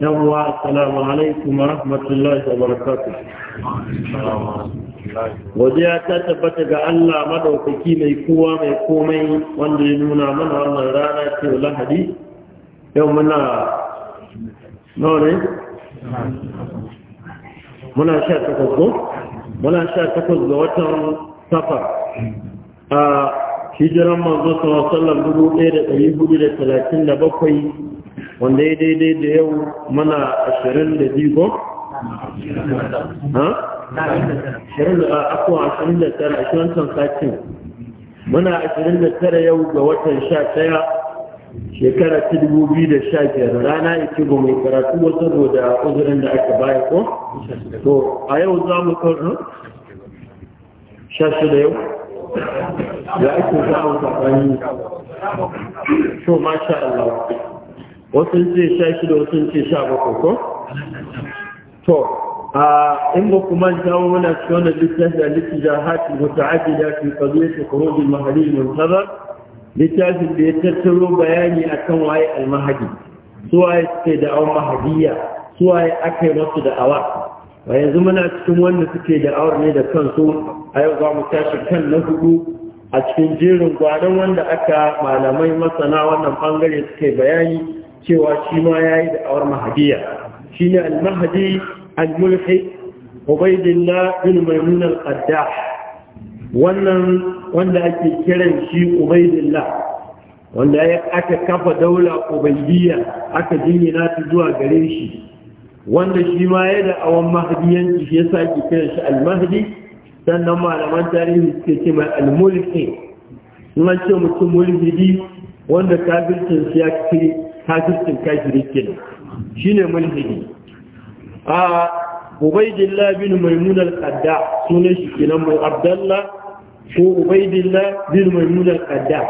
yawwa assalamu alaikum rahmatullahi wa barakatuh godiya ta tabbata ga Allah madaukaki mai kowa mai komai wanda ya nuna mana wannan rana ce lahadi yau muna nore muna sha takwas ko muna sha takwas ga watan safa a hijiran manzo sallallahu alaihi wasallam 1437 wanda ya daidai da yau mana ashirin da biyu ha? ashirin da da tara ashirin ashirin da tara yau ga watan sha ɗaya shekara ta dubu biyu da sha biyar rana ita ba mai karatu ba saboda uzurin da aka baya ko? to a yau za mu kawai sha da yau Ya ake za mu saɓani to masha Allah wasu ce sha shida wasu ce sha bakwai ko? to a in ba kuma jawo muna ci wannan littafi a littija hati wata ake da fi kazo ta kurojin mahali muntazar littafin da ya tattaro bayani akan waye almahadi waye suke da'awar mahadiyya waye aka yi masu da'awa a yanzu muna cikin wanda suke da'awar ne da kansu a yau za mu tashi kan na hudu a cikin jerin gwanon wanda aka malamai masana wannan bangare suke bayani cewa shi ma ya yi da'awar mahadiya shi ne al-mahadi al-mulhi ubaidillah bin maimun al wannan wanda ake kiran shi ubaidillah wanda ya aka kafa daula ubaidiyya aka jingina ta zuwa gare shi wanda shi ma ya da awon mahadiyanci shi yasa ake kiran shi al-mahdi sannan malaman tarihi suke ce mai al-mulhi in an ce mutum mulhidi wanda kafircin siya kai kafircin kafiri kenan shine mulhidi a ubaidillah bin maimun al-qadda sunan shi kenan mu abdallah ko ubaidillah bin maimun al-qadda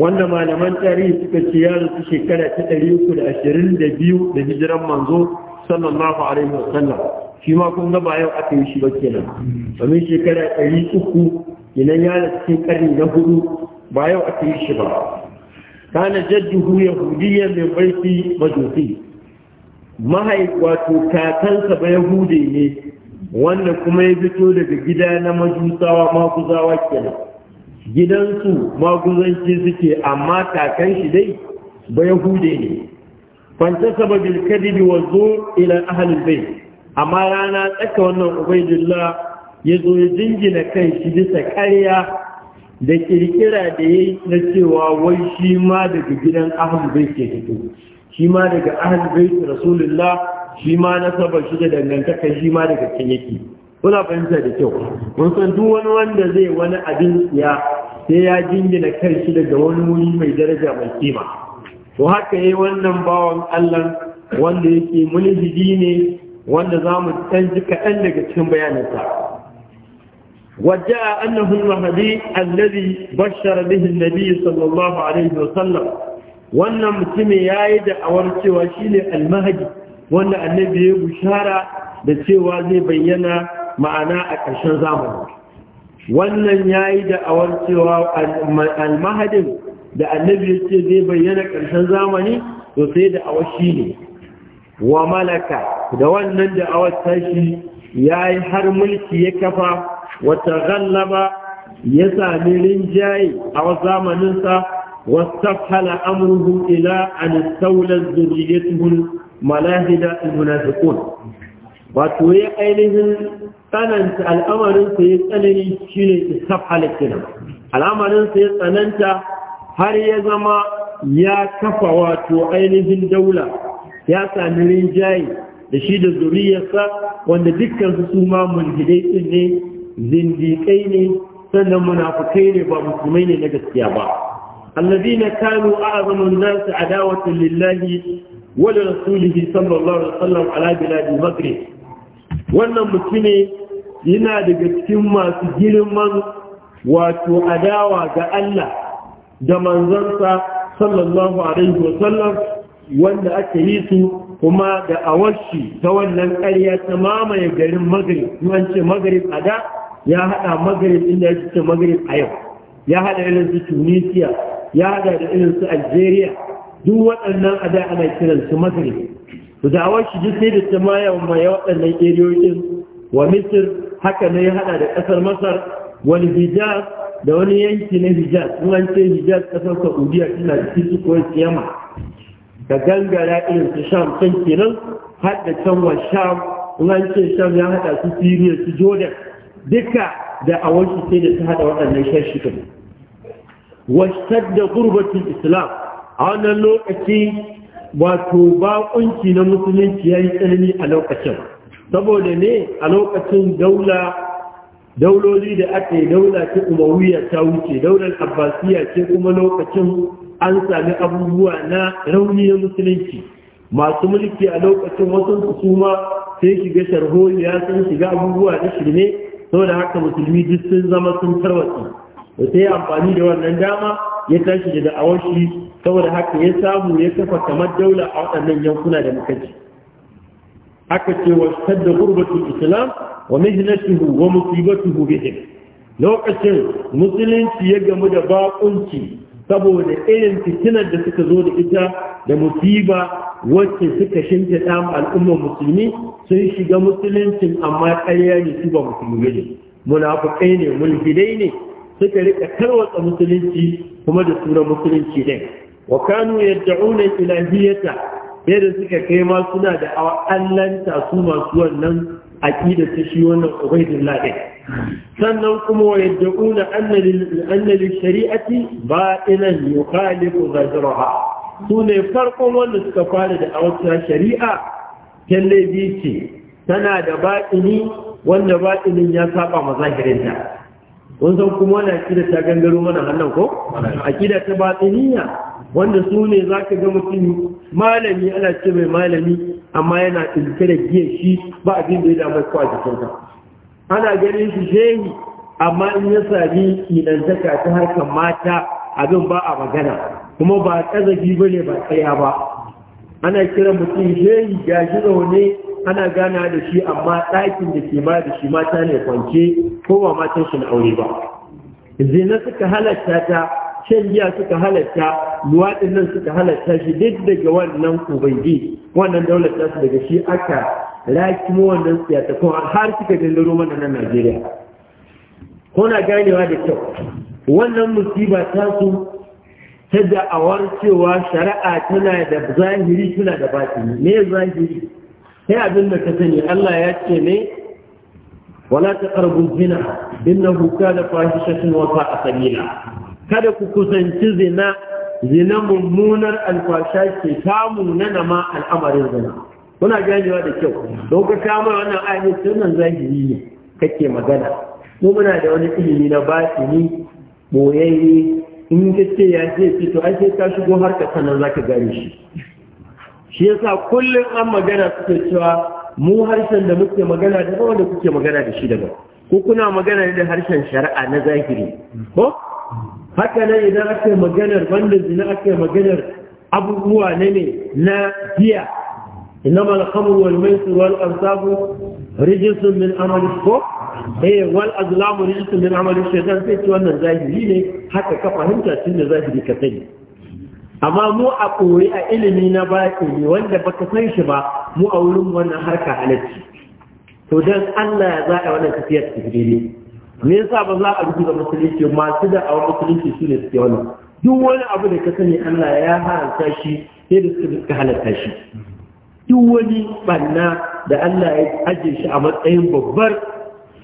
wanda malaman tarihi suka ce ya rasu shekara ta 322 da hijiran manzo sallallahu alaihi wasallam shi ma kun ga ba yau aka yi shi ba kenan domin shekara 300 idan ya rasu cikin karni na hudu ba yau aka yi shi ba kana jadduhu yahudiyya min baiti majusi mahai wato kakansa ba yahude ne wanda kuma ya fito daga gida na majusawa maguzawa kenan gidansu maguzanci suke amma kakan dai ba yahude ne fantasaba bil kadibi wa zo ila ahlul bayt amma rana tsaka wannan ubaidillah ya zo ya jingina kai shi bisa karya. da kirkira da ya yi na cewa wai shi ma daga gidan ahal bai ke fito shi ma daga ahal bai rasulullah shi ma nasabar shi da dangantaka shi ma daga can yake kuna fahimta da kyau mun san duk wani wanda zai wani abin siya sai ya jingina kan shi daga wani wuri mai daraja mai kima to haka yayi wannan bawan Allah wanda yake mulhidi ne wanda zamu mu canji kaɗan daga cikin bayaninsa وجاء أنه المهدي الذي بشر به النبي صلى الله عليه وسلم وأن متم يايد أورت وشيل المهدي وأن النبي بشارة بسوى ذي بينا معنا أكشن زامن وأن يايد أورت المهدي da annabi ya ce zai bayyana ƙarshen zamani to sai da awashi ne wa malaka da wannan da awar tashi ya yi har mulki ya kafa wata gallaba ya sami rinjaye a zamaninsa wastafhala amruhu ila an tawla zurriyatuhu malahida almunafiqun wato ya ainihin tsananta al'amarinsa ya tsanani shine istafhala kenan al'amarinsa ya tsananta har ya zama ya kafa wato ainihin daula ya sami rinjaye da shi da zuriyarsa wanda dukkan su ma mulhidai ne zindiƙai ne sannan munafukai ne ba musulmai ne na gaskiya ba allazina kanu a'zamun nas adawatan lillahi wa rasulihi sallallahu alaihi wasallam ala biladi maghrib wannan mutune yana daga cikin masu girman wato adawa ga Allah da manzansa sallallahu alaihi wasallam wanda aka yi su kuma da awashi ta wannan ƙarya ta mamaye garin magrib an magrib a da ya haɗa magrib inda ya ce magrib a yau ya haɗa irin su tunisia ya haɗa da irin su algeria duk waɗannan a da ana kiran su magrib to da shi sai da ta maya ma ya waɗannan eriyoyin wa misir haka ne ya haɗa da ƙasar masar wani hijaz da wani yanki na hijaz in an ce hijaz ƙasar saudiya tana da cikin ko siyama da gangara irin su sham can kenan har da can wa sham in an ce sham ya haɗa su siriya su jordan duka da a sai da ta haɗa waɗannan shashikan washtar da gurbatin islam a wannan lokaci wato baƙunci na musulunci ya yi tsanani a lokacin saboda ne a lokacin daula dauloli da ake yi daula ce umarwiyar ta wuce daular abbasiya ce kuma lokacin an sami abubuwa na rauni na musulunci masu mulki a lokacin wasu su ma sai shiga ya sun shiga abubuwa na shirme da haka musulmi duk sun zama sun tarwatsi da sai amfani da wannan dama ya tashi da da'awar shi saboda haka ya samu ya kafa kamar daula a waɗannan yankuna da muka ji aka ce wa shadda gurbatu islam wa mihnatuhu wa musibatuhu bihim lokacin musulunci ya gamu da baƙunci saboda irin fitinar da suka zo da ita da musiba wacce suka shimfiɗa ma al'ummar musulmi sun shiga musuluncin amma ƙarya ne su ba musulmi ne munafukai ne mulhidai ne suka rika tarwatsa musulunci kuma da sunan musulunci ɗin wa kanu yad'una ilahiyata sai da suka kai ma suna da allanta su masu wannan aƙida ta shi wannan ubaidullah ɗin sannan kuma wa yadda'una anna lil shari'ati ba'ilan yukhalifu zajraha su ne farkon wanda suka fara da awata shari'a kelle ce tana da ba'ini wanda ba'inin ya saba mazahirinta kun san kuma wannan aƙida ta gangaro mana hannun ko aƙida ta batiniya wanda su ne za ka ga mutum malami ana ce mai malami amma yana tsinke da giya shi ba abin da ya damar kwa jikinsa ana ganin shi shehi amma in ya sami kinantaka ta harkar mata abin ba a magana kuma ba ƙazafi ba ne ba tsaya ba ana kira mutum shehi ga shi zaune ana gana da shi amma ɗakin da ke ba da shi mata ne kwance ko ba matan shi na aure ba zina suka halatta ta shan giya suka halatta luwaɗin nan suka halatta shi duk daga wannan ubangi wannan daular tasu daga shi aka rakimo wannan siyasa ko har suka dindaro mana nan Najeriya kuna ganewa da kyau wannan musiba ta su ta da'awar cewa shari'a tana da zahiri tana da batini me zahiri sai abin da ka sani Allah ya ce ne ولا تقربوا الزنا إنه كان فاحشة وساء سبيلا kada ku kusanci zina zina mummunar alfasha ke samu na nama al'amarin zina kuna ganewa da kyau don ka wannan ayyukan sunan zahiri ne kake magana mu muna da wani ilimi na batini boyayye in ka ce ya ce fito to ka shigo har ka za ka gane shi shi yasa kullum an magana suke cewa mu harshen da muke magana da wanda kuke magana da shi daga ko kuna magana ne da harshen shari'a na zahiri ko haka nan idan aka yi maganar banda zina aka yi maganar abubuwa na ne na biya إنما الخمر والميسر والأنصاب رجس من عمل الكفر إيه والأزلام رجس من عمل ne, haka وأن الظاهرين حتى كفهمت أن ka كثير amma mu a koyi a ilimi na baƙi wanda baka san shi ba mu a wurin wannan harka halarci to don Allah ya zaɓa wannan tafiyar tafiye me yasa ba za a rubuta musulunci masu da awon musulunci su ne suke wannan duk wani abu da ka sani Allah ya haranta shi sai da suka halatta shi duk wani banna da Allah ya ajiye shi a matsayin babbar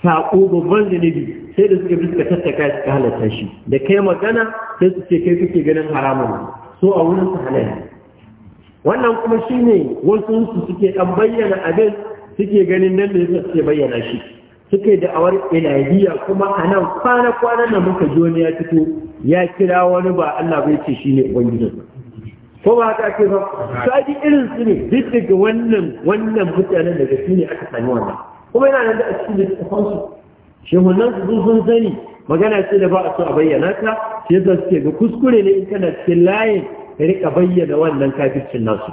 saƙo babban zunubi sai da suka suka tattaka suka halatta shi da kai magana sai su ce kai kake ganin haramun so a wurin su halaye. wannan kuma shine wasu su suke dan bayyana abin suke ganin nan da suke bayyana shi suke da awar ilahiya kuma a nan kwana-kwanan da muka ji wani ya fito ya kira wani ba Allah bai ce shi ne ubangijin ko ba haka ake ba sadi irin su ne duk daga wannan wannan mutanen daga su ne aka sami wannan kuma yana nan da a cikin littafin su su sun sani magana ce da ba a so a bayyana ta sai yasa suke ga kuskure ne in kana cikin layin ka rika bayyana wannan kafircin nasu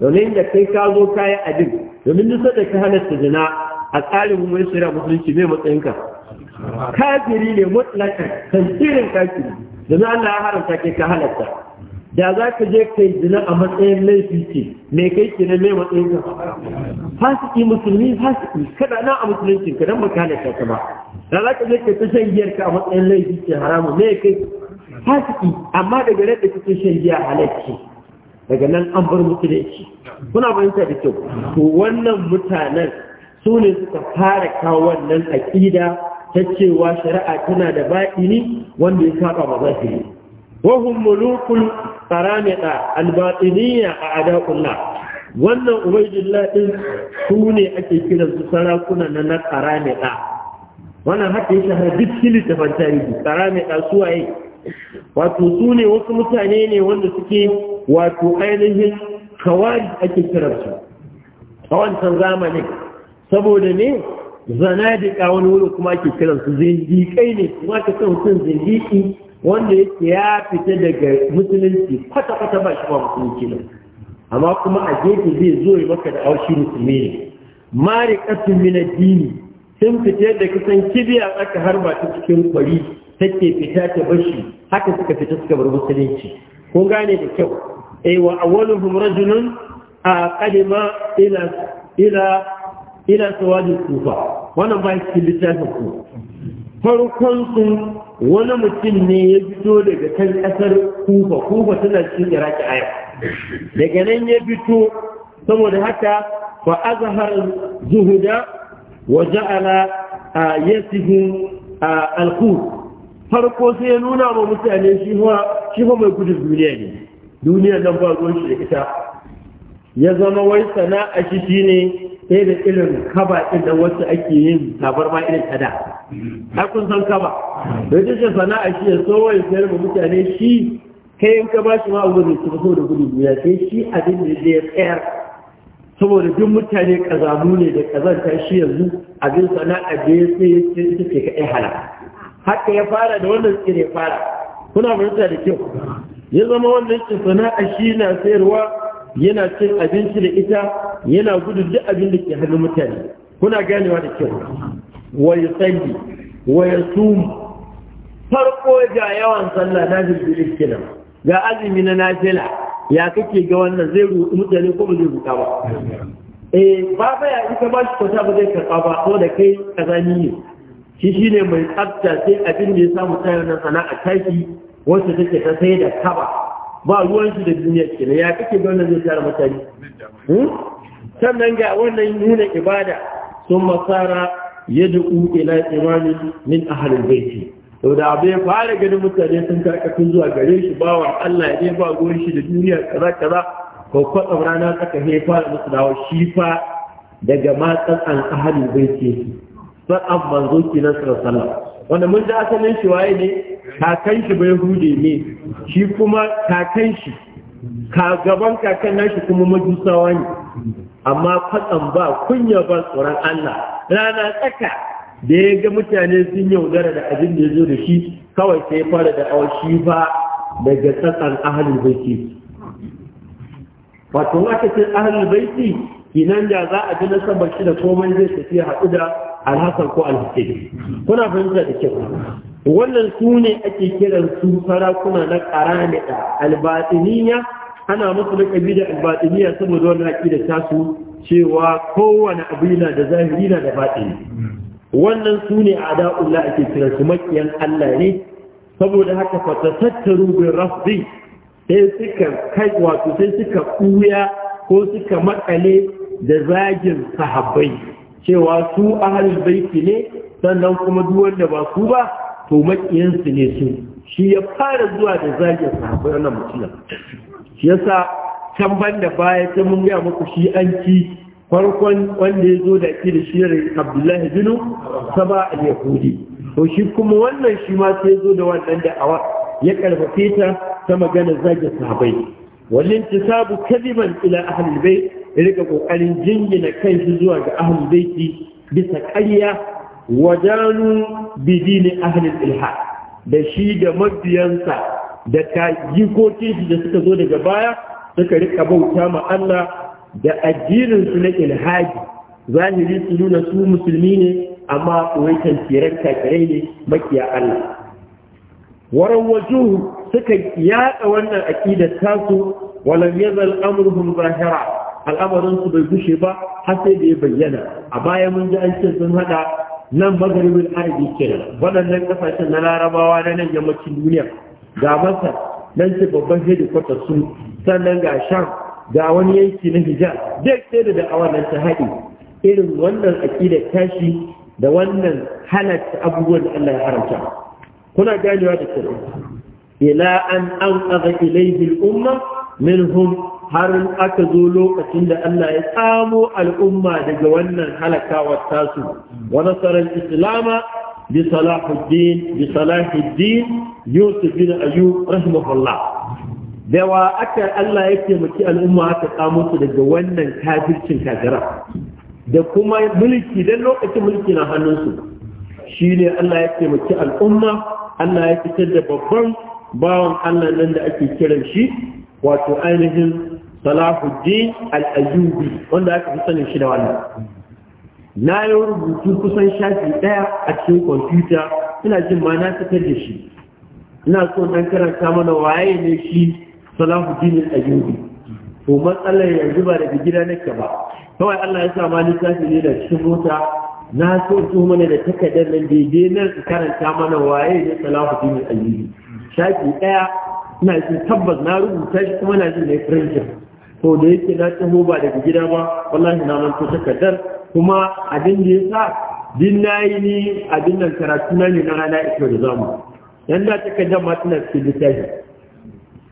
domin da kai ka zo kayan abin domin duk da ka halatta zina a tsarin mu mai shari'a musulunci mai matsayinka kafiri ne mutlaka kan irin kafiri da na Allah ya haramta ke ka halatta da za ka je kai zina a matsayin laifi ce me kai ke ne mai matsayinka fasiki musulmi fasiki kada na a musulunci ka dan baka halatta ka ba da za ka je kai ta shan giyar ka a matsayin laifi ce haramu ne kai fasiki amma daga nan da kake shan giya halacci daga nan an bar mutu da shi kuna fahimta da kyau to wannan mutanen su ne suka fara kawo wannan aƙida ta cewa shari'a tana da ne wanda ya saba ba za su yi wahum mulukul qaramita albatiniya a Adakunna, wannan ubaidillah din su ne ake kiran su sarakuna na na qaramita wannan haka ya shahara duk kili ta fantarihi qaramita su waye wato su ne wasu mutane ne wanda suke wato ainihin kawari ake kiransu a wancan zamanin saboda ne zanadika wani wuri kuma ake kiran su zindiƙai ne kuma ka san mutum zindiƙi wanda yake ya fita daga musulunci kwata-kwata ba shi ba musulunci ne amma kuma a gefe zai zo ya maka da aushi musulmi ne mari ƙasun mina dini, sun fita da kusan kibiya aka harba ta cikin kwari take fita ta bashi haka suka fita suka bar musulunci Ko gane da kyau ai eh, wa awwaluhum rajulun a qadima ila ila ila sawajin kufa wannan ba cikin littafin ku farkon su wani mutum ne ya fito daga kan kasar kufa kufa tana cikin iraki aya daga nan ya fito saboda haka fa azhar zuhuda wa ja'ala yasihu al farko sai ya nuna wa mutane shi fa shi fa mai gudun duniya ne duniya nan ba ruwan shi da ita ya zama wai sana'a shi shine sai da irin kaba ɗin da wasu ake yin tabarma irin kada har kun san kaba da ita sana'a shi ya so wai sayar da mutane shi kai in ka ba shi ma abu da so saboda gudu ya sai shi abin da zai tsayar saboda duk mutane kazamu ne da kazanta shi yanzu abin sana'a da ya sai ta ke kaɗai hala haka ya fara da wannan tsire fara kuna fahimta da kyau ya zama wannan sana'a shi na sayarwa yana cin abinci da ita yana gudu duk abin da ke hannun mutane kuna ganewa da kyau wa yusalli wa sun farko ga yawan sallah na jirgin kenan ga azumi na nafila ya kake ga wannan zai ruɗu mutane ko ba zai ruɗa ba eh ba ba ya ita ba shi kwata ba zai karɓa ba ko da kai kazani ne shi shi ne mai tsafta sai abin da ya samu tsayar na sana'a tashi wacce take ta sai da kaba ba ruwan shi da duniya kenan ya kake ga wannan zai tara mutane hmm? sannan ga wannan nuna ibada sun masara ya duku ila min ahalin baiti sau da abu fara ganin mutane sun karkatun zuwa gare shi bawa Allah ya ba gori shi da duniya kaza kaza ko kwatsam rana tsaka he fara musu dawo shi fa daga matsan an ahalin baiti sa'an manzo kinan sallallahu wanda mun ji asalin shi waye ne kakan shi bai hude ne shi kuma kakan shi ka gaban kakan nashi kuma majusawa ne amma fatan ba kunya ba tsoron Allah rana tsaka da ya ga mutane sun yaudara da abin da ya zo da shi kawai sai ya fara da awashi ba daga tsatsan ahalin baiti wato aka ce ahalin baiti kinan da za a ji nasabar shi da komai zai tafi haɗu da alhassan ko alhassan kuna fahimta da kyau wannan su ne ake kiran su sarakuna na karanida albatiniya ana musu da kabila albatiniya saboda wannan aqida ta su cewa kowane abu yana da zahiri na da batini wannan su ne ada'ullah ake kiran su makiyan Allah ne saboda haka fa tattaru bi rafdi sai suka kai wato sai suka kuya ko suka makale da zagin sahabbai cewa su ahalul baiti ne sannan kuma duk ba su ba to makiyansu ne su shi ya fara zuwa da zagin sahabbai wannan mutum shi sa can da baya ta mun maku muku shi an ci farkon wanda ya zo da ke da shirin abdullahi binu saba al-yahudi to shi kuma wannan shi ma sai zo da wannan da awa ya karfafe ta ta magana zage sahabai wallin tisabu kaliman ila ahlul rika kokarin jingina kai kanshi zuwa ga ahlul baiti bisa ƙarya wajanu bidini ahlul ilha da shi da mabiyansa da tajikokin shi da suka zo daga baya suka rika bauta ma Allah da addinin su na ilhadi, zahiri su nuna su musulmi ne amma kan tiran kakirai ne makiya Allah waran wajuhu suka yaɗa wannan aƙidar tasu walam yazal amruhum zahira Al'amuransu bai gushe ba har sai da ya bayyana a baya mun ji an ce sun hada nan magaribin arabi kenan waɗannan kasashen na larabawa na nan yammacin duniya ga masa, nan ce babban hedikwatar su sannan ga sham ga wani yanki na hijab duk sai da da'awa nan ta haɗe irin wannan aƙidar tashi da wannan halatta abubuwan da Allah ya haramta kuna ganewa da kenan ila an an ilayhi al-umma minhum har aka zo lokacin da Allah ya samu al'umma daga wannan halakawar tasu Wani tsaron islama bi salahuddin bi salahuddin yusuf bin ayu rahimahullah yawa aka Allah ya taimaki al'umma aka samu su daga wannan kafircin kagara da kuma mulki don lokacin mulki na hannunsu shine Allah ya taimaki al'umma Allah ya fitar da babban bawan Allah nan da ake kiran shi wato ainihin Salahuddin al wanda aka fi sanin shi da wannan na yi rubutu kusan shafi ɗaya a cikin kwamfuta ina jin ma na fitar da shi ina so dan karanta mana waye ne shi Salahuddin al-Ayyubi matsalar yanzu ba daga gida nake ba kawai Allah ya sa ma littafi ne da cikin mota na so su mana da takardar nan daidai nan su karanta mana waye ne Salahuddin al shafi ɗaya ina jin tabbas na rubuta shi kuma na jin da ya to da yake na taho ba daga gida ba wallahi na manto takardar kuma abin da yasa din nayi ni abin nan karatu na ne na rana ita da zamu Yan da takardar ma tana cikin littafi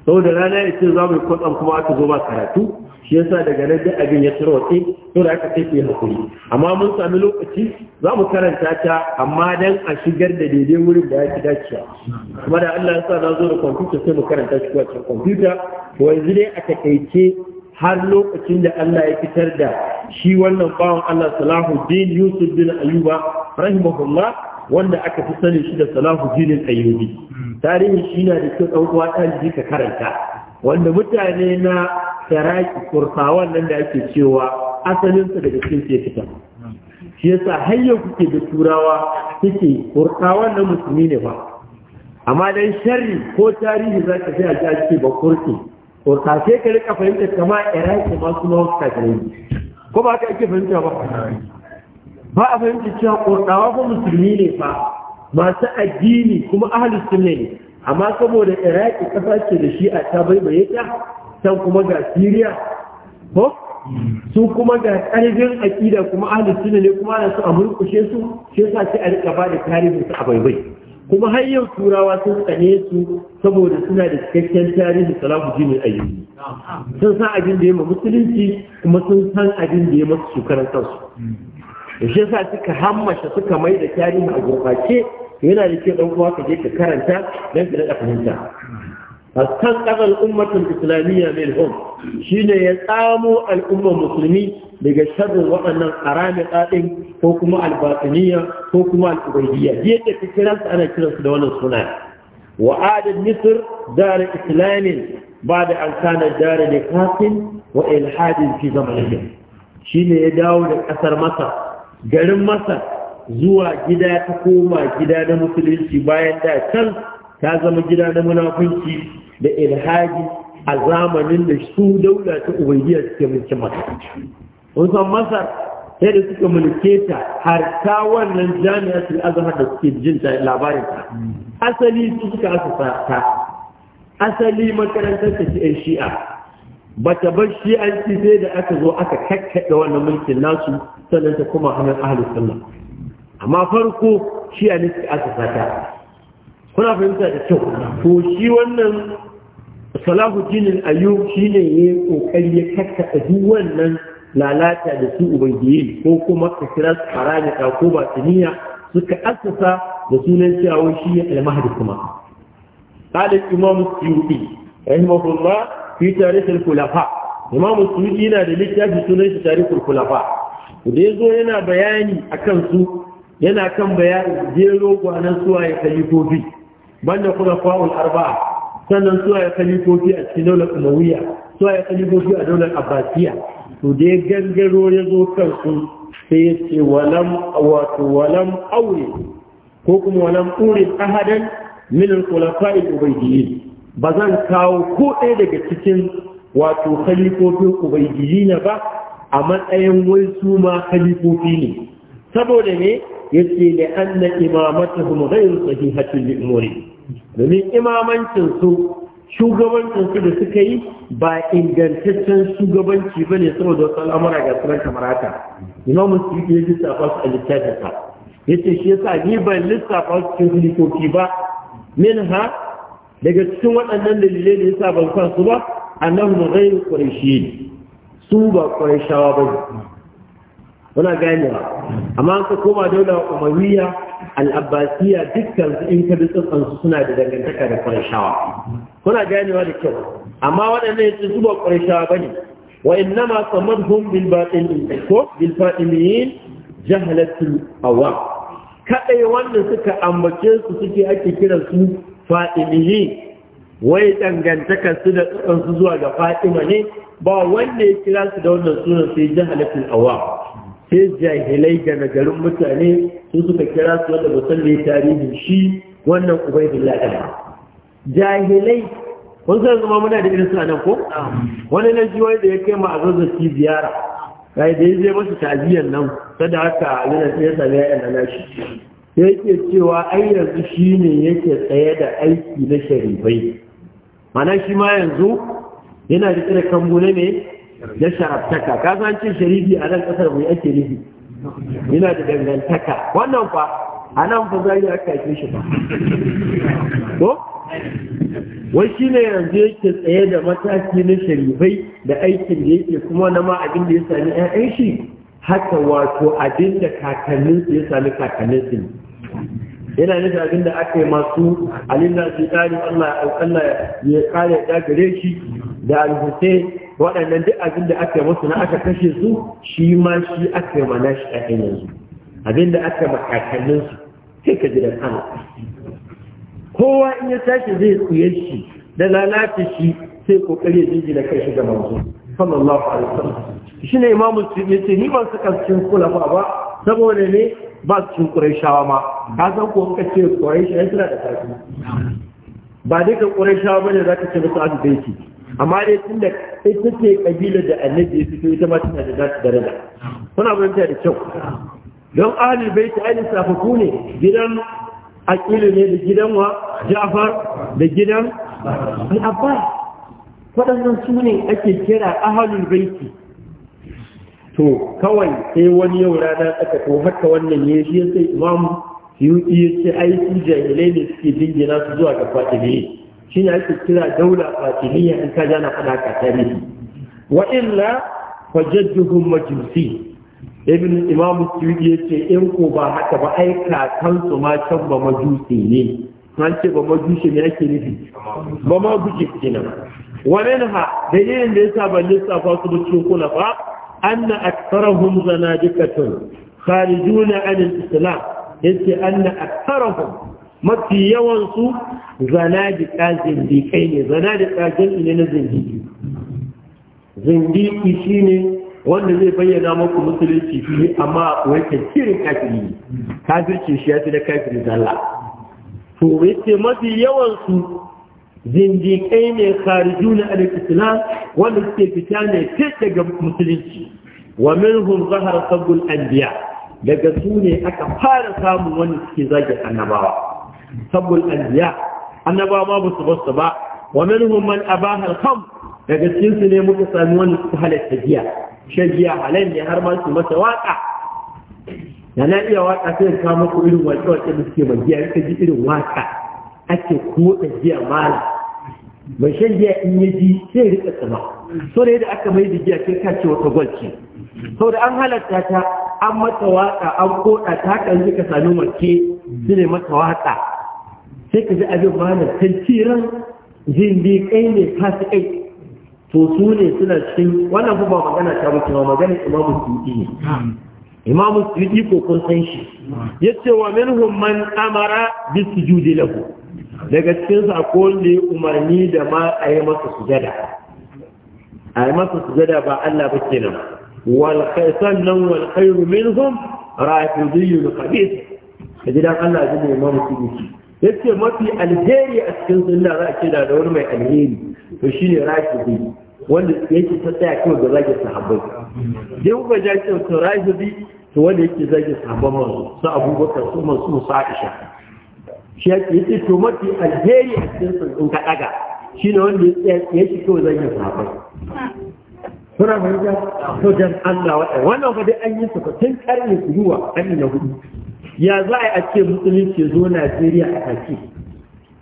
saboda rana ita zamu kwatsam kuma aka zo ba karatu shi yasa daga nan duk abin ya tarwatse to da aka kai ku hakuri amma mun sami lokaci za mu karanta ta amma dan a shigar da daidai wurin da ya fi dacewa kuma da Allah ya sa na zo da kwamfuta sai mu karanta shi kwamfuta to yanzu dai a takaice har lokacin da Allah ya fitar da shi wannan bawan Allah Salahuddin Yusuf bin Ayuba rahimahullah wanda aka fi sani shi da salahu Salahuddin Ayubi tarihi shi na da kyau ɗan uwa ɗalibi ka karanta wanda mutane na Iraki Kursawan nan da ake cewa asalinsa daga cikin ke fita shi yasa hayyar kuke da turawa suke Kursawan na musulmi ne ba amma dan sharri ko tarihi za ji a ce ba to ka rika fahimta kama iraki ma kuma wasu kafirai ko ba ka ake fahimta ba ba a fahimta cewa kurdawa ko musulmi ne fa masu addini kuma ahalus sunna ne amma saboda iraki kasa ce da shi a ta baibaye ta san kuma ga siriya ko su kuma ga ƙarfin aƙida kuma ahalus ne kuma ana su a murkushe su shi yasa sai a rika ba da tarihin su a baibai kuma har yau turawa sun tsane su saboda suna da cikakken tarihi salafu jini ayyuki sun san abin da ya ma musulunci kuma sun san abin da ya masu shukaran kansu da shi yasa suka hammasha suka mai da tarihi a gurɓace yana da kyau ɗan uwa ka je ka karanta don ka daɗa fahimta A haskan ƙasar ummatin islamiyya mai shi shine ya tsamo al'ummar musulmi daga sharrin waɗannan arami ɗaɗin ko kuma albatiniya ko kuma al'ubaidiyya yadda ta su ana su da wannan suna wa adad misr dar islamin ba da an kana dar da kafin wa ilhadin fi zamanin shine ya dawo da ƙasar masa garin masar zuwa gida ta koma gida na musulunci bayan da can ta zama gida na munafunci da ilhadi a zamanin da su daula ta ubangiyar suke mulkin masa wasan masar yadda suka mulke ta har ta wannan jami'atul azahar da suke jin ta labarin ta asali su suka asasa ta asali makarantar ta ce shi'a ba ta bar shi'anci sai da aka zo aka kakkaɗe wannan mulkin nasu sannan ta kuma hannun ahalus sallah. amma farko shi'a ne suka asasa ta kuna fahimta da kyau ko shi wannan ayyu shi ne ya kokari ya kakkaɗe duk wannan lalata da su ubangiyi ko kuma kasirar harajin ko ba tuniya suka asasa da sunan cewa shi ya almahdi kuma qalat imam suyuti rahimahullah fi tarikh al khulafa imam suyuti yana da littafi sunan shi tarikh al khulafa da yazo yana bayani akan su yana kan bayani jero gwanan suwa ya khalifofi banda kuma qawl arba'a sannan suwa ya khalifofi a cikin dawlatul umayya suwa ya khalifofi a dawlatul abbasiyya to dai gangaro ya zo kansu sai ya ce walam wato walam aure ko kuma walam ure ahadan min al-khulafa'il ubaydiyyin ba zan kawo ko ɗaya daga cikin wato khalifofin ubaydiyyin ba a matsayin wai su ma khalifofi ne saboda ne yace da anna imamatuhum ghayr sahihatin li umuri domin imamancin su shugabancin su da suka yi ba ingantaccen shugabanci ba ne saboda wasu al'amura ga sunan kamar haka imam musulmi ya lissafa su a littafinsa ya ce shi yasa ni ban lissafa su cikin hulukoki ba min ha daga cikin waɗannan dalilai da yasa ban sa su ba annahu ghairu quraishi su ba qurayshawa ba muna ganewa amma ka koma daula umayya al-abbasiyya dukkan su in ka bi tsantsan suna da dangantaka da qurayshawa kuna ganewa da kyau amma waɗannan yanzu su ba ba ne wa inna ma samadhum bil batinin ko bil jahalatul awam Kaɗai wannan suka ambace su suke ake kiran su fatimiyin wai dangantaka su da tsakan su zuwa ga fatima ne ba wanda ya kira su da wannan sunan sai jahalatul awam sai jahilai ga nagarin mutane su suka kira su wanda musalli tarihin shi wannan ubaidullah ɗaya jahilai kun san zama muna da irin suna ko wani na jiwai da ya kai ma a ci ziyara kai da ya zai masa ta'aziyar nan sada haka yana tsaye sami ya yana nashi yake cewa ai yanzu shi ne yake tsaye da aiki na sharifai mana shi ma yanzu yana da tsira kambune ne na sharaftaka ka san cin sharifi a nan kasar mai ake nufi yana da dangantaka wannan fa a nan fa zai aka kashe shi ba ko wai shi ne yanzu yake tsaye da mataki na sharifai da aikin da yake kuma na ma abin da ya sami 'ya'yan shi haka wato abin da kakanninsu ya sami kakanninsu ne yana nufi abin da aka yi masu alinda su tsari Allah ya kare ya gare shi da alhussein waɗannan duk abin da aka yi masu na aka kashe su shi ma shi aka yi mana shi a yanzu abin da aka yi ma su sai ka ji da kowa in ya tashi zai tsuye shi da lalata shi sai kokari ya jingina da shi ga manzo sallallahu alaihi wasallam shine imam musulmi ce ni ban saka cikin kulafa ba saboda ne ba su cikin qurayshawa ma ka san ko ka ce qurayshawa suna da tafi ba duka qurayshawa bane zaka ce musu azu baiti amma dai tunda sai ce kabilar da annabi ya fito ita ma tana da zata daraja kuna fahimta da kyau don ahlul baiti ai lissafaku ne gidan Akili ne da gidan wa ja'far da gidan al'abba waɗannan su ne ake kira ahalul baiti to kawai sai wani yau rana aka to haka wannan ya shi sai imamu yuɗi iya ce ai su jahilai ne suke dingina su zuwa ga fatimi shi ne ake kira daula fatimiyya in ka jana faɗa ka tarihi wailla illa fajadduhum majusi ibn imam ya yace in ko ba haka ba ai kansu su ma can ba majusi ne an ce ba majusi ne ake nufi ba ma guje kenan wannan ha dalilin da yasa ban lissafa su da cikin kula ba anna aktharahum zanadikatun kharijuna an al-islam yace anna aktharahum mafi yawan su zanadika zindikai ne zanadika jami'i ne na zindiki zindiki shine wanda zai bayyana muku musulunci fili amma wai kirin kafiri ne kafirci shi ya fi da kafiri zalla to yace mafi yawan su zindiƙai ne kharijuna al-islam wanda suke fita ne fit daga musulunci wa minhum zahar sabbul anbiya daga su ne aka fara samun wanda suke zagin annabawa sabbul anbiya annabawa ma ba su ba wa minhum man abaha al daga cikinsu ne muka sami wanda suka halatta jiya. shajiya giya ne har ma su masa waka da na iya waka sai ka muku irin wace wace da suke magiya ka ji irin waka ake da jiya mala mai shan in ya ji sai rika tsama so da yadda aka mai jiya sai ka ce wata gwalci sau da an halatta ta an mata waka an koda ta kan ji ka sami marke su ne mata waka sai ka ji abin mana tantiran jin bi kai ne fasikai to su ne suna cikin wannan kuma magana ta mutu ba magana imamu suɗi ne imamu suɗi ko kun san shi ya ce wa min man amara bi jude lahu daga cikin sa ko ne umarni da ma a yi masa gada a yi masa gada ba Allah ba kenan wal khaisan nan wal khairu minhum rafidiyul khabith kaji dan Allah ya ji imamu suɗi ya ce mafi alheri a cikin sunna za a ce da wani mai alheri to shi ne rashidi wanda yake ta tsaya kawai ga zage sahabbai dai ba ya ce to rashidi to wanda yake zage sahabban masu su abubakar su masu su aisha shi yake yace to mafi alheri a cikin sunna ka daga shi ne wanda yake kawai zage sahabbai suna fahimta to dan Allah wannan fa dai an yi su tun karni su zuwa annabi na ya za a ce musulunci zo najeriya a kaki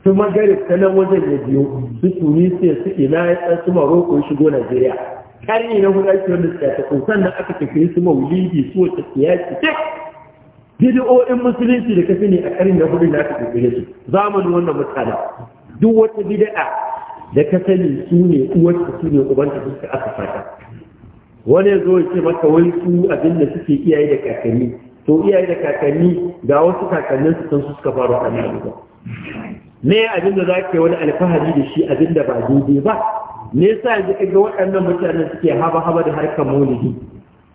su magarib ta nan wajen ya biyu su sai su ina ya su maroko ya shigo najeriya karni na hudu ake wanda suka ta kusan da aka tafi su maulidi su wata siyasi duk bidiyoyin musulunci da kafi ne a karni na hudu na aka tafi su zamanin wannan mutane duk wata bid'a da ka sani su ne uwarsa su ne ubanta suka aka fata wani zo ya ce maka wani su abin da suke iyaye da kakanni to iyaye da kakanni ga wasu kakannin su sun suka faru a nan gaba me abin da za wani alfahari da shi abin da ba daidai ba me yasa yanzu ga waɗannan mutanen suke haba haba da harkar maulidi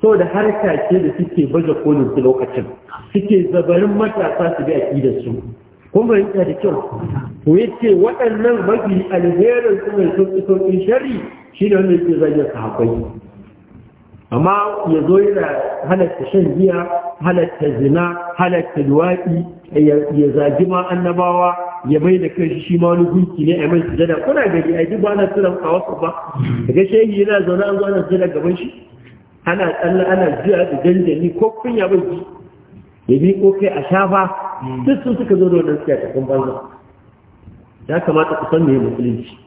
to da harka ce da suke baje kolin su lokacin suke zabarin matasa su bi aƙidar su kun fahimta da kyau to yace waɗannan mafi alherin su mai sauƙi sauƙin shari shi ne wanda yake zagin sahabbai amma ya zo yana halatta shan giya halatta zina halatta luwaɗi ya zagi ma annabawa ya bai da kai shi ma wani gunki ne a mai sujada kuna gari a duk bana tura a wasu ba daga shehi yana zaune an zo ana sujada gaban shi ana tsalla, ana jiya da janjani ko kunya bai ji ya bi ko kai a shafa duk sun suka zo da wannan suka tafi banza ya kamata ku san me musulunci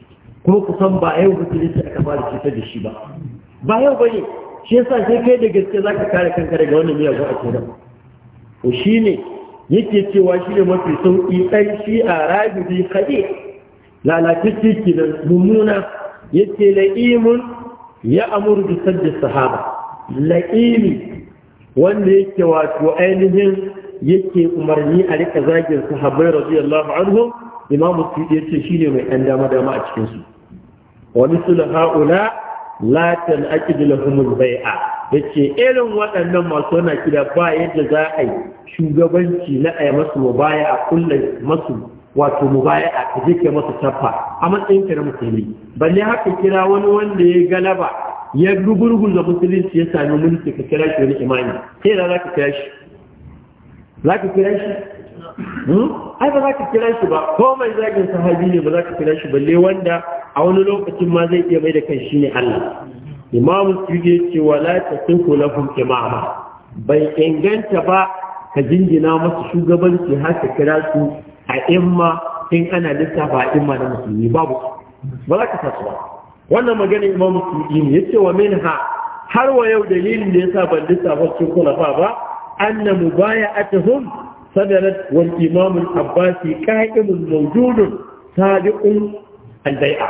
kuma ku san ba yau musulunci aka fara cutar da shi ba ba yau bane shi yasa sai kai da gaske zaka kare kanka daga wannan miyagun akida to shine yake cewa shi ne mafi sauki ɗan shi a rabibi kaɗe lalatacce kenan mummuna yake la'imun ya amuru da sajjar sahaba la'imi wanda yake wato ainihin yake umarni a rika zagin sahabbai radiyallahu anhu imamu su ya ce shi ne mai ɗan dama dama a cikinsu wani sula ha'ula Latin latan aqidu lahumul bai'a ce irin waɗannan masu na kira ba yadda za a yi shugabanci na a masu mubaya a kullum masu wato mubaya a ka jike masu tafa a matsayin kira musulmi balle haka kira wani wanda ya galaba ya da musulunci ya sami mulki ka kira shi wani imani sai da za ka kira shi za ka kira shi hmm? ai ba za ka kira shi ba ko mai zagin sahabi ne ba za ka kira shi balle wanda a wani lokacin ma zai iya mai da kai shine Allah imamu suje ce wala tasinku lahum imama bai inganta ba ka jingina masa shugabanci har ka kira su a imma in ana lissafa a imma na musulmi babu ba za ka sasu ba wannan maganin imam sudi ne yace wa minha har wa yau dalilin da yasa ban lissafa cikin kulafa ba anna mubaya'atuhum sadarat wal imam al-abbasi qa'imun mawjudun sadiqun albai'a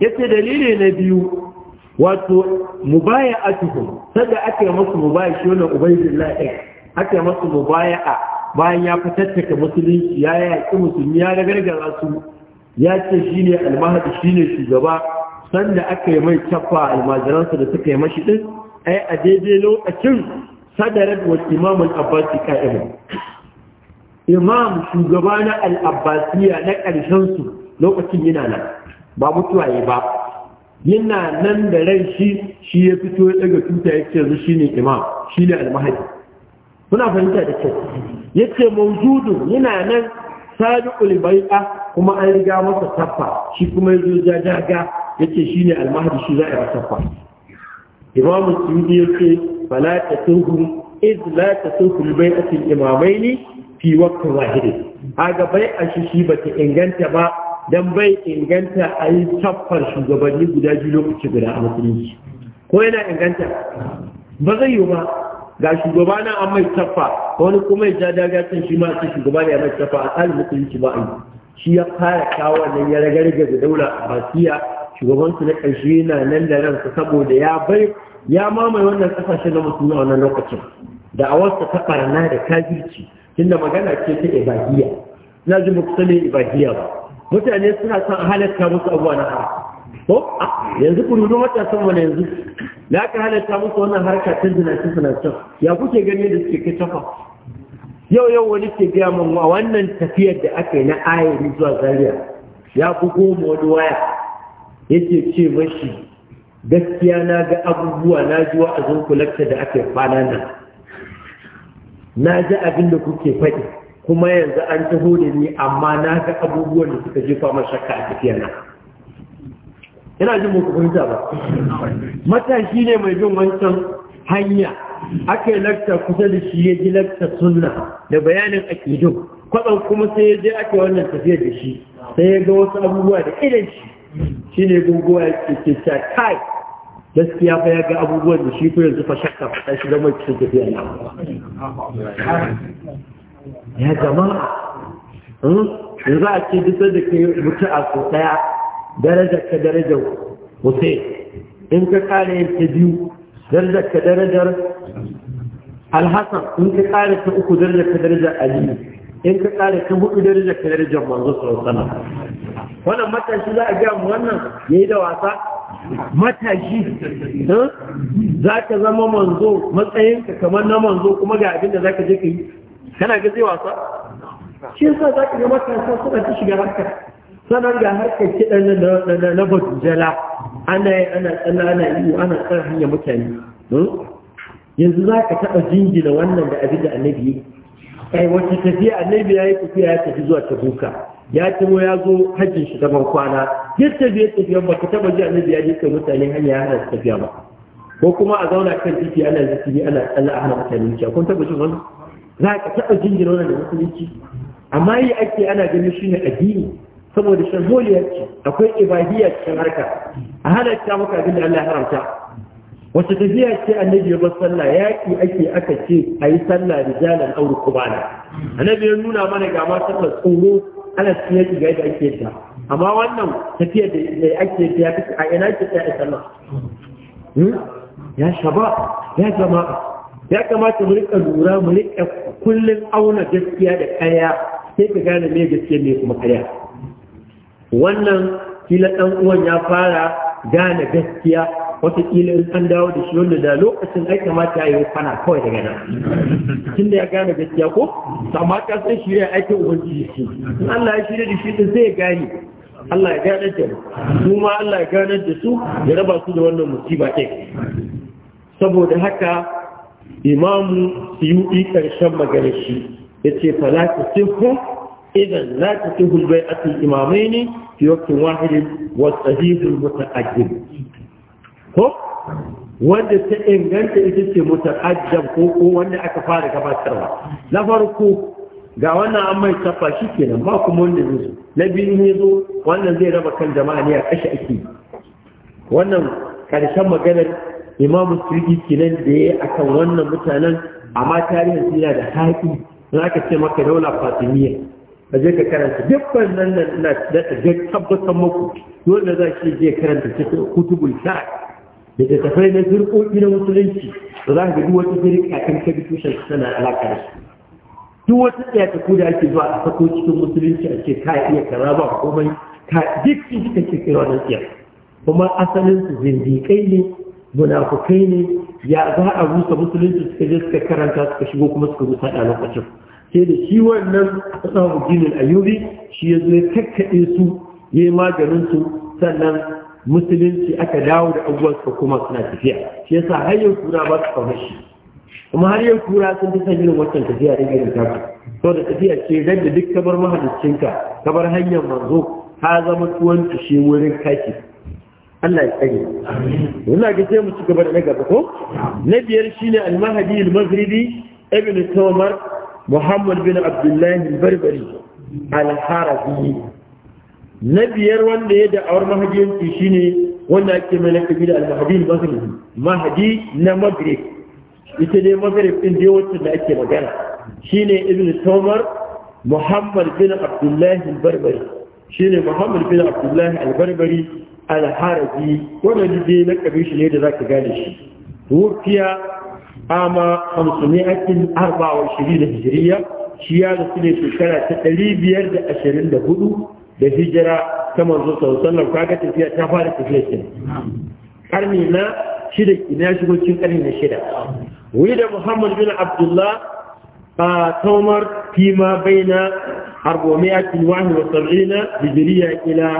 yace dalili na biyu wato mubaya'atuhum sada ake musu mubaya'a shi wannan ubaydillah ɗin ake musu mubaya'a bayan ya fitar da musulunci ya yaƙi musulmi ya ragargaza su ya ce shine almahadi shine shugaba sanda aka yi mai cafa almajiransa da suka yi mashi din ai a daidai lokacin sadarar wa imamul abbasi ka'imu imam shugaba na al'abbasiya na ƙarshen su lokacin yana nan ba mutuwa ya ba yana nan da ran shi shi ya fito ya daga tuta ya ce yanzu shine imam shine almahadi kuna fahimta da kyau yace mawjudun yana nan sabiqul bai'a kuma an riga masa taffa shi kuma yazo jajaga yace shine almahadi shi za a yi taffa imam suyudi yace fala tatuhu iz la tatuhu bai'atul imamaini fi waqtin A haga a shi shi bata inganta ba don bai inganta a yi taffar shugabanni guda biyu lokaci guda a musulunci ko yana inganta ba zai yi ba ga shugaba na an mai taffa wani kuma ya ja dagacin shi ma sai shugaba ne a mai taffa a tsarin musulunci ba a yi shi ya fara kawo nan ya ragarga da daula basiya shugabansu na ƙarshe na nan da ransa saboda ya bai ya mamaye wannan ƙasashe na musulmi a wannan lokacin da a wasu ta da kafirci tunda magana ce ta ibadiyya na ji kusa ne ibadiyya ba mutane suna son halatta musu abuwa na haram ko yanzu ku dudu matasan mana yanzu da aka halatta musu wannan harka ta zinace can. ya kuke gani da suke kai tafa yau yau wani ke gaya min wa wannan tafiyar da aka yi na ayari zuwa zaria ya fi goma wani waya yake ce mashi gaskiya na ga abubuwa na ji wa'azin kulakta da aka yi kwana nan na ji abin da kuke faɗi kuma yanzu an taho da ni amma na ga abubuwan da suka jefa masa shakka a tafiyar na. ina jin muku fahimta ba matashi ne mai bin wancan hanya aka yi lakta kusa da shi ya ji lakta sunna da bayanin akidun kwatsan kuma sai ya je aka wannan tafiyar da shi sai ya ga wasu abubuwa da irin shi shi ne gunguwa ya ke kai gaskiya fa ya ga abubuwan da shi ko yanzu fa shakka fa shi zama cikin tafiya na ya jama'a in za a ce dusar da ke mutu a su ɗaya darajar ka darajar wuce in ka kare yin ta biyu darajar ka darajar alhassan in ka kare ta uku darajar ka darajar aliyu in ka kare ta hudu darajar ka darajar manzo su alaihi wannan matashi za a gaya mu wannan ya yi da wasa matashi eh? za ka zama manzo matsayinka kamar na manzo kuma ga abin da za ka je ka yi kana ga zai wasa shi yasa za ka ga matasa suna ta shiga harkar sanar ga harkar da na bajujala ana yi ana tsalla ana iyo ana tsara hanya mutane hmm? yanzu za ka taɓa jingina wannan da abin da annabi kai wacce tafiya annabi ya yi tafiya ya tafi zuwa tabuka ya timo ya zo hajjin shi daban kwana duk tafiye tafiya ba ka taɓa ji annabi ya je ka mutane hanya ya hana tafiya ba ko kuma a zauna kan titi ana zikiri ana tsalla ana mutane ko kun taɓa jin wannan za ka taɓa jingina wannan da musulunci amma yi ake ana ganin shi ne addini saboda sharholiyar ce akwai ibadiyya cikin harka a halatta maka abin da Allah ya haramta wace tafiya ce annabi ya bar sallah yaƙi ake aka ce a yi sallah da jalan aure kubana annabi ya nuna mana ga ma tsoro ana cikin yaƙi ga yadda ake ta amma wannan tafiyar da ake ta ya fi a ina ke ta sallah hmm? ya shaba ya jama'a ya kamata mu rika lura mu rika kullun auna gaskiya da kaya sai ka gane me gaskiya mai kuma kaya wannan kila dan uwan ya fara gane gaskiya wata kila in an dawo da shi wanda da lokacin ai kamata ya yi kwana kawai daga nan tun da ya gane gaskiya ko amma ka san shirya aikin ubangiji shi Allah ya shirya da shi din sai ya gane Allah ya gane da su ma Allah ya gane da su ya raba su da wannan musiba ɗin saboda haka imamu suyuɗi ƙarshen magana shi ya ce fala idan la ta sihu bai atul imamai ne fi waktin wahidin wa sahihul muta'ajjib ko wanda ta inganta ita ce muta'ajjab ko ko wanda aka fara gabatarwa na farko ga wannan an mai tafa shi kenan ba kuma wanda zai na biyu ne zo wannan zai raba kan jama'a ne a kashe ake wannan karshen maganar imam sirki kinan da ya akan wannan mutanen amma tarihin su yana da haƙi Zaka ce maka daula fatimiyya ba je ka karanta dukkan nan nan na da tabbatar muku dole za shi je karanta cikin kutubul shar da ta tafai na zurƙoƙi na musulunci ba za ka ga duk wata zurƙa kan ka bi tushen tana alaƙa da su duk wata tsaya ta kuda ake zuwa a sako cikin musulunci a ce ka iya kaza ba komai ka duk shi kake kira wannan tsaya kuma asalin su zindiƙai ne munafukai ne ya za a rusa musulunci suka je suka karanta suka shigo kuma suka rusa a lokacin sai da shi wannan tsawon ginin ayyubi shi ya zo kakkaɗe su ya yi maganin su sannan musulunci aka dawo da abubuwan suka kuma suna tafiya shi yasa har yau kura ba su kawo shi kuma har kura sun fi san irin wancan tafiya da irin taku to da tafiya ce da duk kabar kabar hanyar manzo ka zama tuwon shi wurin kaki Allah ya tsare yana ga sai mu ci gaba da na gaba ko na biyar shine al-mahdi al-maghribi ibn Umar Muhammad bin Abdullah al-Barbari al-Harabi na biyar wanda ya da'awar mahdiyanci shine wanda ake mai lakabi da al-mahdi al-maghribi mahdi na maghrib ita dai maghrib din dai wacce da ake magana shine ibn Umar Muhammad bin Abdullah al-Barbari shine Muhammad bin Abdullah al-Barbari alharabi wannan dai na kabishi ne da za ka gane shi wurfiya ama hamsumi akin arba wa shiri da hijiriya shi ya rasu ne shekara ta ɗari biyar da ashirin da hudu da hijira ta manzo sallallahu kaga tafiya ta fara tafiya kenan karni na shida ina shigo cikin karni na shida Wani da muhammad bin abdullah a taumar fima baina arba'amiyatin wahid wa sab'ina hijriya ila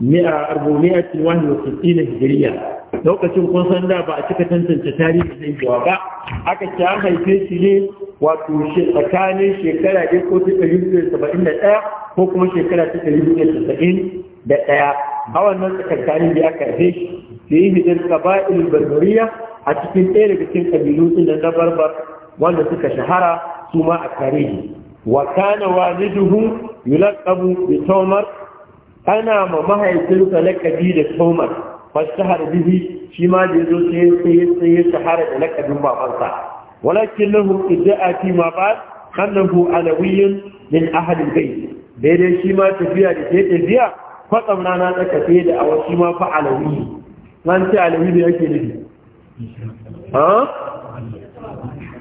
460 hijiriya lokacin kun san da ba a cika tantance tarihi da yawa ba aka ce an haife shi ne wato tsakanin shekara ɗaya ko ta ɗari saba'in da ɗaya ko kuma shekara ta ɗari saba'in da ɗaya a wannan tsakanin da aka haife shi da yi hidin ƙaba'il barbariya a cikin ɗaya daga cikin ƙabilu ɗin da na barbar wanda suka shahara su ma a tarihi wa kana waliduhu yulaqabu bi tawmar ana ma mahaifinsa lakabi da somar fasahar bihi shi ma da zo sai sai sai shahara da lakabin babansa walakin lahu idda'a fi ma ba annahu alawiyyun min ahli al dai daidai shi ma tafiya da sai tafiya tsamna na tsaka sai da awa shi ma fa alawi man ta alawi da yake nufi ha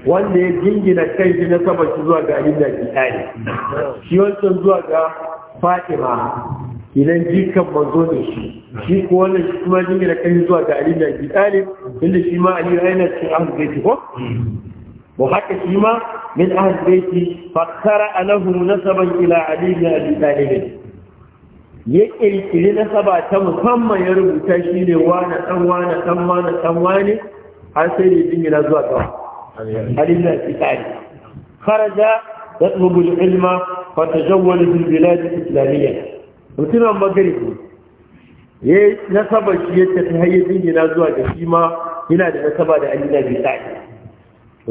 wanda ya jingina kai shi na saba shi zuwa ga abin da ke shi wancan zuwa ga fatima idan jikan manzo ne shi shi ko wannan shi kuma jingina kan zuwa ga Ali bin Abi Talib inda shi ma Ali yana cikin ahlul baiti ko wa haka shi ma min ahlul baiti fa qara alahu nasaban ila Ali bin Abi Talib ya kirkiri saba ta musamman ya rubuta shi ne wani dan wani dan wani dan wani har sai ne jingina zuwa ga Ali bin Abi Talib kharaja يطلب العلم فتجول في البلاد الإسلامية mutumin magaribi ya nasaba shi ya tafi hayyar jingina zuwa da shi ma yana da nasaba da alina bi sa'i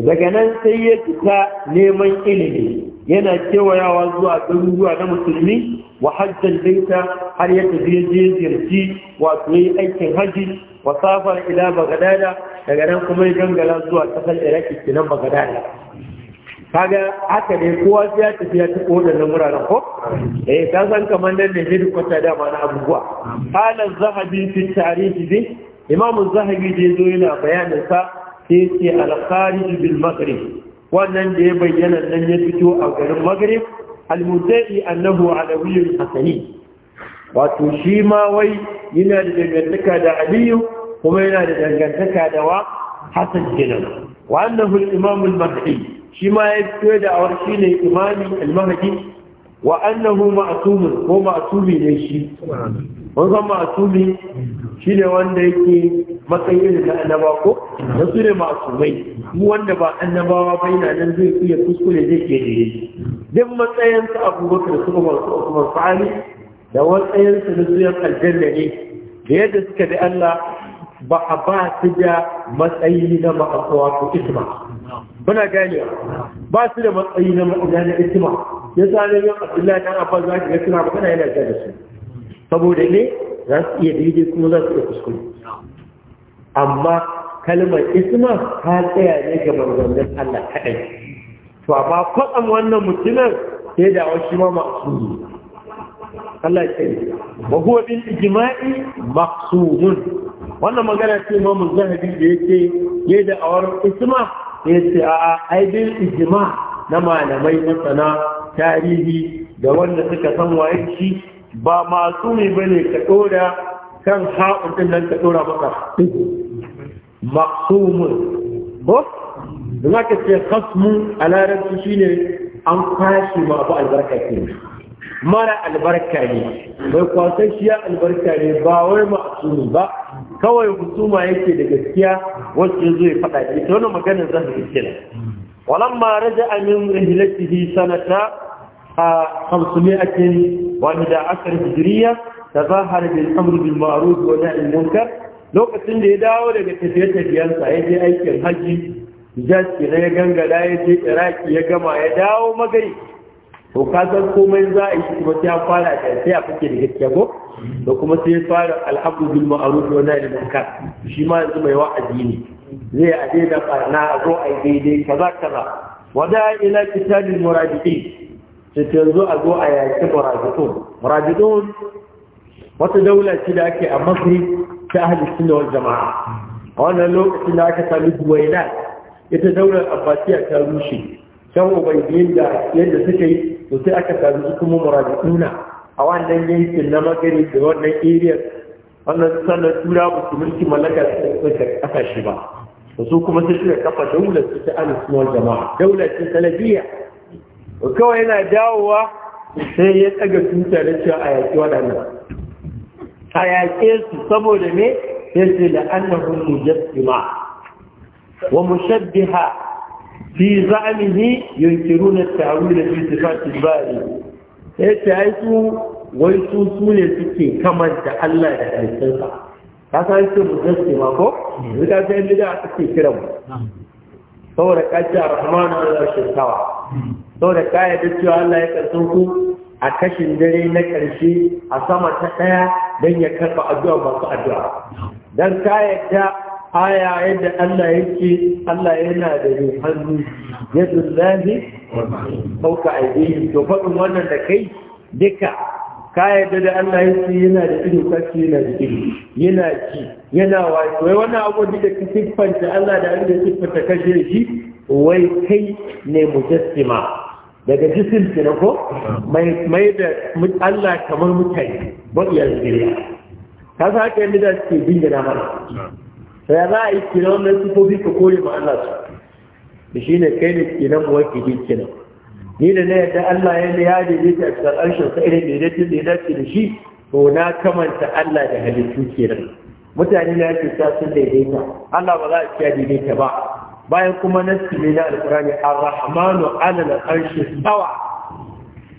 daga nan sai ya fita neman ilimi yana kewayawa zuwa garuruwa na musulmi wa hajjan daita har ya zai je ziyarci wato yayi aikin haji wa safar ila bagadada daga nan kuma ya gangara zuwa kasar iraki kinan bagadada kaga haka ne kowa sai ya tafi ya tafi na wuraren ko E, ka san kamar nan ne hidi kwata dama na abubuwa Halar zahabi fi tarihi bi imam zahabi da zo yana bayanin sa sai ce al kharij bil maghrib wannan da ya bayyana nan ya fito a garin maghrib al mudai annahu alawiyyun hasani wato shi ma wai yana da dangantaka da aliyu kuma yana da dangantaka da wa hasan kenan wa annahu al-imam al ya fito da awar shi ne imami al-mahdi wa annahu ma'tumun ko ma'tumi ne shi mun san ma'tumi shi ne wanda yake matsayin da annaba ko da su ne ma'tumai mu wanda ba annabawa ba yana nan zai iya kuskure zai ke da shi duk matsayin abubakar su ba su Usman da matsayin na da su aljanna ne da yadda suka bi Allah ba a ba su da matsayi na wato isma muna gane ba su da matsayi na ma'ana na isma ya sa ne yin abdullahi ta abbas za ki ga ba kana yana da su saboda ne za su iya daidai kuma za su iya kuskure amma kalmar isma ta tsaya ne ga manzannin Allah kaɗai to amma kwatsam wannan mutumin sai da wasu ma masu yi. Allah ya ce wa huwa bil ijma'i maqsumun wannan magana ce ma mun zahabi da yake ne da awar isma ya ce a aibin ijma na malamai masana tarihi da wanda suka san waye shi ba masu ne bane ka dora kan ha'un din nan ka dora maka maqsumun ko da ka ce khasmu a larabci shine an kwashe ma abu albarka mara albarka ne mai kwasasshiya albarka ne ba wai ma'asumi ba kawai husuma yake da gaskiya wacce zo ya faɗa ce ta wani magana za su kira walamma raja amin rahilatihi sanata a hamsumi akin wani da asar hijiriya ta zahar bil amr bil ma'ruf wa nahy munkar lokacin da ya dawo daga tafiye-tafiyensa ya je aikin haji hijaz ya gangada ya je iraki ya gama ya dawo magari to san komai za a yi shi kuma sai fara da sai a fike da gaskiya ko da kuma sai ya fara alhamdu bil ma'ruf wa nahy anil munkar shi ma yanzu mai wa'azi ne zai a da barna a zo a daidai kaza kaza da ila kitabil muradiqin sai yanzu a zo a yaki muradiqun muradiqun wata daula ce da ake a masri ta ahli sunna wal jama'a a wannan lokacin da aka sami duwaina ita daular abbasiya ta rushe can ubangiyin da yadda suka yi to sai aka sami su kuma murabi'una a wannan yankin na magani da wannan area wannan sannan tura ba su mulki mallaka da kasashe ba su kuma sai suka kafa daular su ta alisuwar jama'a daular ta talabiyya kawai yana dawowa sai ya tsaga tuta da cewa a yaƙi waɗannan a yaƙe su saboda me sai sai da annahun mujassima wa mushabbiha fi za'amihi yunkiruna ta'wila fi sifatil bari sai ta yi su wai su su ne suke kamanta Allah da halittarsa ka san su musulmi ma ko duka sai bid'a suke kira mu saboda kaji arhamanu ala shirkawa saboda kaya da cewa Allah ya karsan ku a kashin dare na ƙarshe a sama ta ɗaya don ya karɓa addu'a masu addu'a Dan ka yadda aya yadda Allah yake Allah yana da hannu yadda lahi fauka aidihim to faɗin wannan da kai duka ka yadda da Allah yake yana da ido kashi yana da ido yana ci yana wani wai wannan abu da ka siffanta Allah da abin da siffanta da shi wai kai ne mujassima daga jisim ki ko mai da Allah kamar mutane ba iya zuriya ka sa haka yadda da suke bin da mana sai za a yi kina wannan sifofi ka kore ma Allah su da shi ne kai ne kinan muwakili kinan ni da na yadda Allah ya ne ya daidaita a cikin arshin sa irin daidaitin da ya dace da shi to na kamanta Allah da halittu kenan mutane na yake ta sun daidaita Allah ba za a ciya daidaita ba bayan kuma nasi ne na alkurani ar-rahmanu ala al-arshi tawa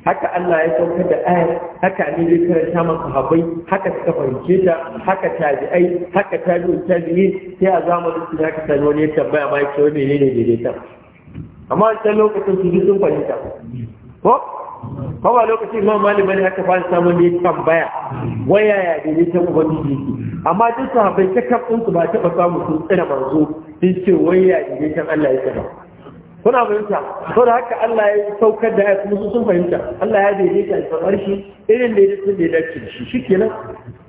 haka Allah ya saukar da ayar haka ne zai karanta maka habai haka suka fahimce ta haka tabi'ai haka tabi'u tabi'i sai a zamanin su zaka sani wani ya tambaya ma yake wani ne ne daidaita amma wancan lokacin su sun fahimta ko ko ba lokacin imam malik bane aka fara samun ne tambaya waya ya daidaita ubangiji yake amma duk su sahabbai ta kafin su ba taɓa samu sun tsira manzo sun ce waya daidaitan Allah ya ba kuna fahimta sau da haka Allah ya saukar da ayat musu sun fahimta Allah ya daidaita alfamar shi irin da yake da dace shi shi kenan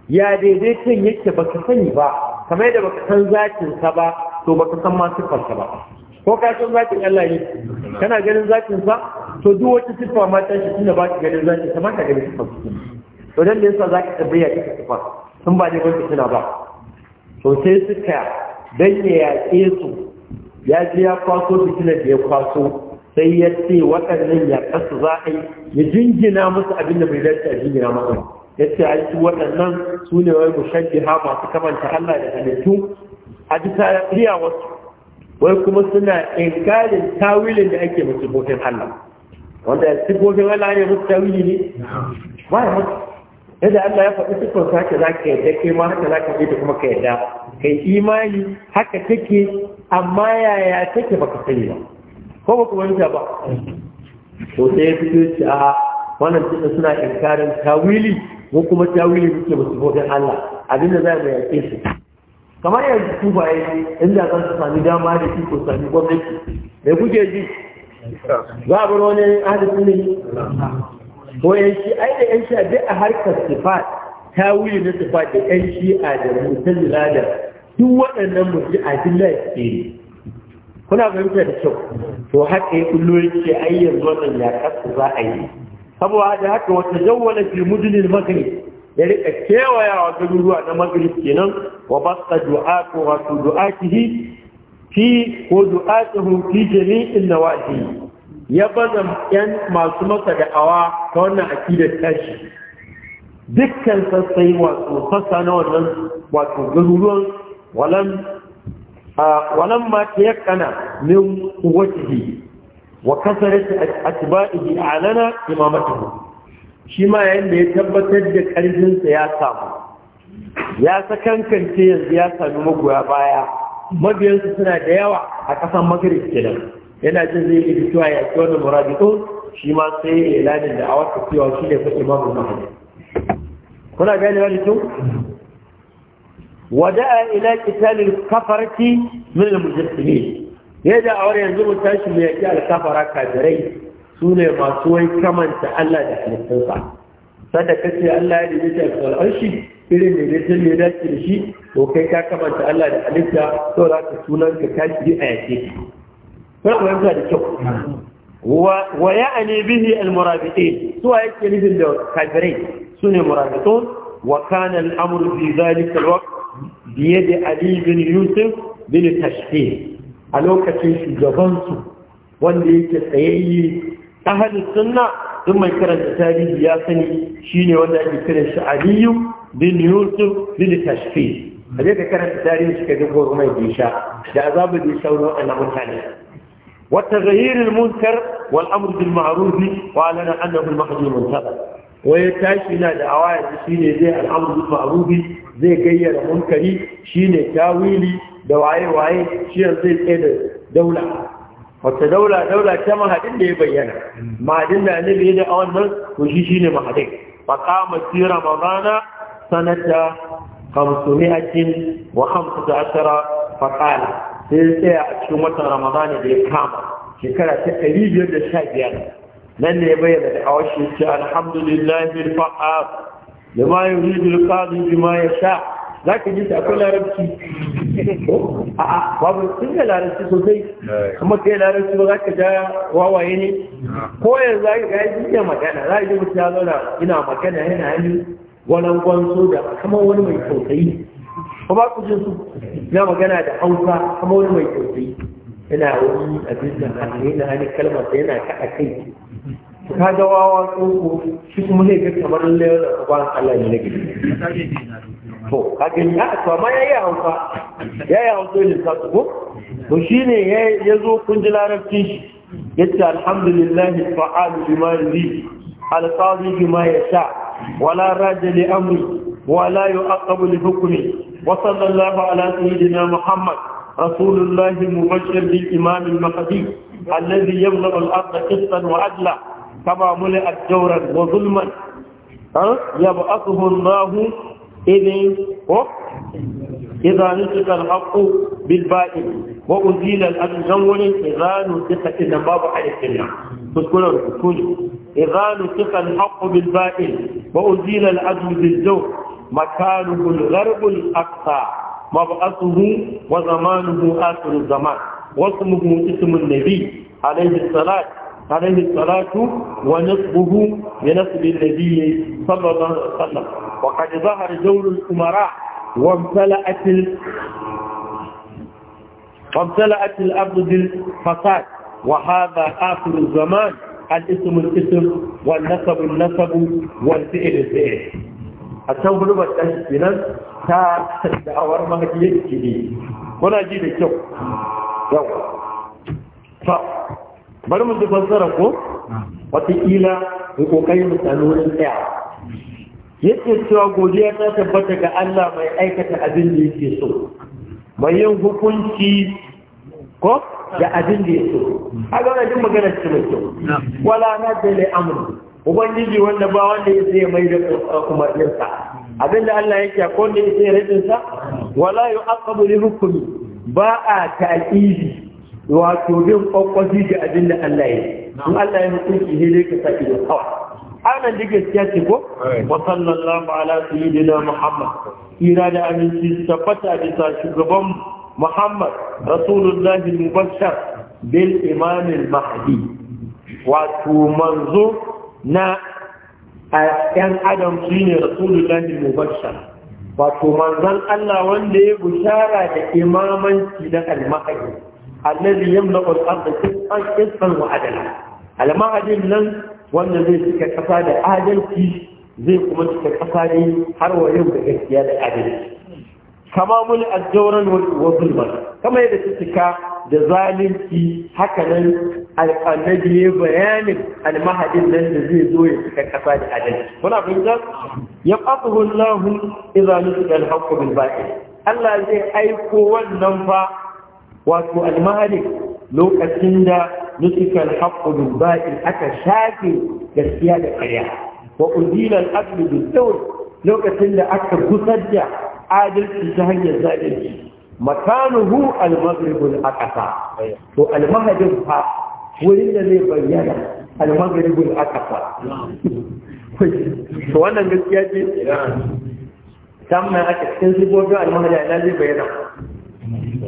ya daidaita yake baka sani ba kamar yadda baka san zakin sa ba to baka san ma sifar sa ba ko ka san zakin Allah ne kana ganin zakin sa to duk wata sifar ma ta shi tunda ba ka ganin zakin sa ma ka ganin sifar sa to dan yasa zaka tabbaya ka sifar sun ba ne ko kina ba to sai suka danne ya su ya je ya kwaso fitilar da ya kwaso sai ya ce waɗannan yaƙarsu za a yi ya jingina musu abin da bai dace a jingina masa ya ce a yi waɗannan su ne wai mushabbiha masu kamanta Allah da halittu a bisa riya wasu wai kuma suna inkarin tawilin da ake musu Allah wanda sifofin Allah ne musu tawili ne ba ya musu yadda Allah ya faɗi sifar sake za ka yadda kai ma haka za ka kuma ka yadda kai imani haka take amma yaya take baka sani ba ko baka ta ba to sai ya fito shi a wannan cikin suna inkarin tawili ko kuma tawili muke musu hoton Allah abinda za mu yaƙe su kamar yanzu su yi inda za su sami dama da shi ko sami gwamnati mai kuke ji za a bar wani adadin ne ko shi ai da yan shi'a duk a harkar sifat ta wuyi na sifat da yan shi'a da mutallila da duk waɗannan mutum a duk lafi ne kuna fahimta da kyau to haka ya kullo ce ai yanzu wannan ya kasu za a yi saboda haka wata jawwala fi mudlil magani ya rika kewayawa garuruwa na maghrib kenan wa basta ko wa du'a fi ko du'atuhu fi jami'in nawahi ya baza yan masu masa da'awa ta wannan akidar tashi dukkan sassai wato sassa na wannan wato garuruwan walan walan ma ta yakana min kuwatihi wa kasarati atba'ihi alana imamatuhu shi ma yayin da ya tabbatar da karfin sa ya samu ya sakankance yanzu ya sami magoya baya mabiyansu suna da yawa a kasan magrib kenan yana jin zai yi fitowa ya ake wannan muradi ko shi ma sai ya lani da a wata cewa shi ne fa imamu na kuna gani wani tun wada'a ila qitalil kafarati min al-mujahidin yadda a wani yanzu mu tashi mu yaki al-kafara kafirai su ne masu wai kamanta Allah da halittunsa sanda kace Allah ya a da al'arshi irin da dace ne da shi to kai ka kamanta Allah da halitta to za ka sunan ka kashi a yake فنحن نعمل ويعني به المرابطين سواء كلمه الكافرين سنة مرابطون وكان الامر في ذلك الوقت بيد علي بن يوسف بن تشحيح الوقت كتيش شجبانس واللي كسيي اهل السنه ثم يكرر التاريخ ياسني شيني ولا يكرر علي بن يوسف بن تشحيح هذا كان التاريخ كذبه رمي بيشا لعذاب بيشاوره انه مكانه وتغيير المنكر والأمر بالمعروف وأعلن أنه المهدي المنتظر ويتاشي لا دعوات شيني زي الأمر بالمعروف زي غير منكري شيني تاويلي دواعي وعي شيني زي كده دولة wata daula daula ta mahadin da ya bayyana mahadin da annabi ya da a wannan to shi shine mahadin fa qama fi ramadana sanata 515 fa qala sai ya tsaya a cikin watan Ramadana da ya kama shekara ta ɗari biyar da sha biyar nan ne ya bayyana da a washe ce alhamdulillahi fa'ad da ma yuridu alqadi bima yasha za ka ji ta akwai larabci a'a babu sun ga larabci sosai kuma kai larabci ba za ka ja wawaye ne ko yanzu za ka yi jiya magana za ka ji mutum ya zauna ina magana yana yi wani gwanzo da kama wani mai tausayi ba ba ku su na magana da hausa kuma wani mai tausayi yana wani abin da hannu na hannun kalmar da yana kaɗa kai su ka ga wawa tsoko shi kuma zai ga kamar lewar da kwan Allah ne na gidi to ka gani a to amma yi hausa Ya yi hausa ne ka tsoko to ne ya zo kun ji larabcin shi ce alhamdulillah fa'al bima yuri alqadi bima yasha wala raja li amri wala yu'aqabu li hukmi وصلى الله على سيدنا محمد رسول الله مبشر بالإمام المهدي الذي يملأ الأرض قسطا وعدلا كما ملئت جورا وظلما يبعثه الله إذا إذا نسك الحق بالباطل وأزيل الأنجول إذا نسك إن باب عليكنا تذكر تذكر إذا نسك الحق بالباطل وأزيل العدل بالزور مكانه الغرب الأقصى مبعثه وزمانه آخر الزمان واسمه اسم النبي عليه الصلاة عليه الصلاة ونصبه بنصب النبي صلى الله عليه وسلم وقد ظهر دور الأمراء وامتلأت ال... وامتلأت الأرض بالفساد وهذا آخر الزمان الاسم الاسم والنسب النسب والفئر الفئر a can gurbar ɗan kenan ta da'awar mahajiyar ne kuna ji da kyau yau ta bari mu ji fassara ko wataƙila da ƙoƙari mu wurin tsaya yake cewa godiya ta tabbata ga Allah mai aikata abin da yake so mai yin hukunci ko da abin da yake so a ga wannan magana ce mai kyau wala na da amru ubangiji wanda ba wanda ya sai mai da umarninsa abinda Allah yake ko ne ya sai rajin sa wala yu'aqabu li hukmi ba a ta'idi wato bin kokkofi da abinda Allah yake in Allah ya hukunci ne dai ka saki da kawai anan da gaskiya ce ko wa sallallahu ala sayyidina muhammad ira da aminci tabbata bisa shugaban muhammad rasulullahi mubashshar bil imam al mahdi wato manzo na ‘yan adam su ne mubarsa mubashar wato manzan Allah wanda ya bushara da imamanci na almahadi allazi yamna al-ardh qisqan qisqan wa adala almahadin nan wanda zai cika kasa da adalci zai kuma cika kasa ne har wa yau da gaskiya da adalci tamamul azzauran wa zulman kamar yadda su cika da zalunci haka nan annabi ya bayanin nan da zai zo ya cika kasa da adalci kuna fahimta ya fasuhu Allah idza nusika al-haqqu bil batil Allah zai aiko wannan fa wato almahadi lokacin da nusika al-haqqu bil aka shafe gaskiya da ƙarya wa udila al-adlu lokacin da aka gusar da adalci ta hanyar zalunci makanuhu almagribun a ƙasa to almahadin fa wurin da zai bayyana almagribun a ƙasa. to wannan gaskiya ce tamma ake cikin sifofin al-maghrib na zai bayyana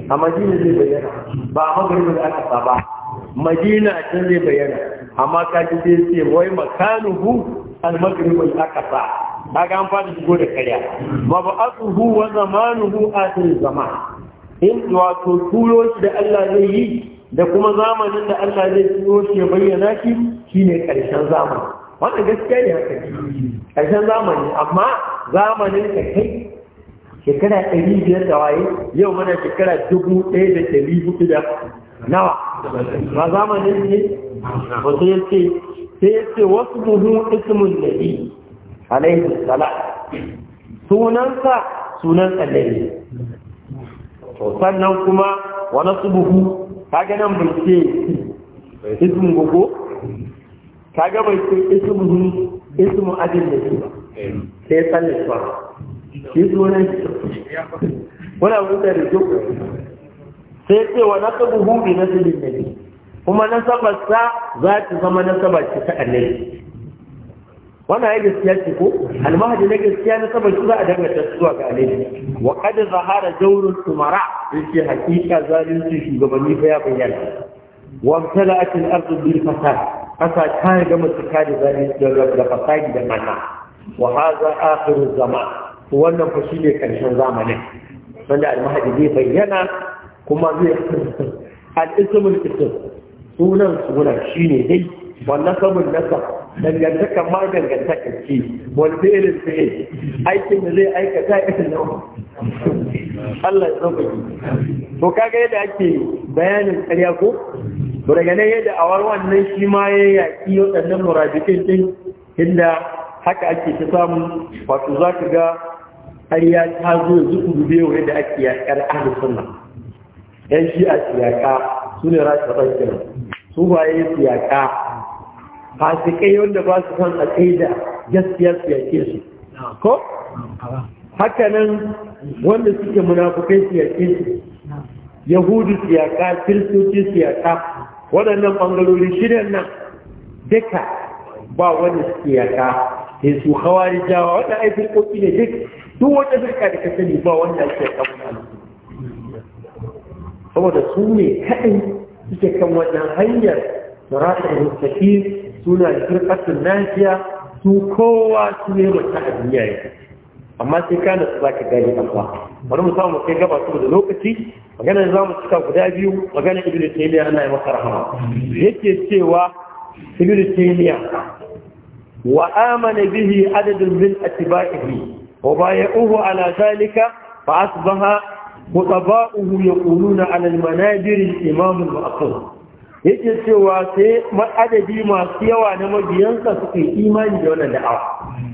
a madina zai bayyana ba a ƙasa aqsa ba madina can zai bayyana amma kaji sai ce wai makanuhu almagribun a ƙasa kaga an fara shigo da karya wa asuhu wa zamanuhu akhir zaman in wato turo shi da Allah zai yi da kuma zamanin da Allah zai turo shi ya bayyana shi shine karshen zamani wannan gaskiya ne haka karshen zamani amma zamanin ka kai shekara ɗari biyar da waye yau mana shekara dubu ɗaya da ɗari hudu da nawa ba zamanin ne wasu ya ce sai ya ce wasu buhu ismun nabi alaihi salam sunansa sunan annabi to sannan kuma wa nasbuhu kaga nan bai ce ismu gogo kaga bai ce ismu ismu ajin da shi ba sai sanin ba shi sunan wala wuta da duk sai ce wa nasbuhu bi nasbin nabi kuma nasabarsa za ta zama nasaba ce ta annabi wannan ya gaskiya ce ko almahadi na gaskiya na saboda su za a dangata zuwa ga alaihi wa qad zahara jawrul tumara yace hakika zalunci shugabanni fa ya bayyana wa tala'at al-ardu bil fasad kasa ta ga mutuka da zalunci da fasadi da mana wa hadha akhiru zaman wannan fa shine karshen zamanin sanda almahadi zai bayyana kuma zai al-ismul ism sunan sunan shine dai wannan sabon nasa dangantaka ma dangantaka ce wani fi'ilin fi'il aikin da zai aikata irin na Allah ya ki to kaga yadda ake bayanin ƙarya ko to daga nan yadda awar wannan shi ma ya yaƙi waɗannan murabikin din inda haka ake ta samu wato za ka ga ƙarya ta zo yanzu ku dube yadda ake yaƙar ahlus sunna yan a siyaka su ne rashin rashin su baye siyaka fasikai wanda ba su san a tsaida gaskiyar su yake su ko haka nan wanda suke munafukai su yake su yahudu su yaka kiristoci su yaka waɗannan ɓangarori shirin nan duka ba wanda suke yaka sai su hawari jawa wanda aifin ƙoƙi ne duk duk wata birka da ka ne ba wanda ake yaka mutane saboda su ne kaɗai suke kan wannan hanyar da mustaqim suna da firkatun nafiya su kowa su ne mutu a duniya ya amma sai ka nasu za ka gani abuwa bari mu samu kai gaba da lokaci magana za mu cika guda biyu magana ibn taymiya ana yi masa rahama yake cewa ibn taymiya wa amana bihi adadun min atba'ihi wa bay'uhu ala zalika fa asbaha خطباؤه يقولون على المنابر الإمام المأخوذ yake cewa sai adadi masu yawa na mabiyansa suka yi imani da wannan da'awa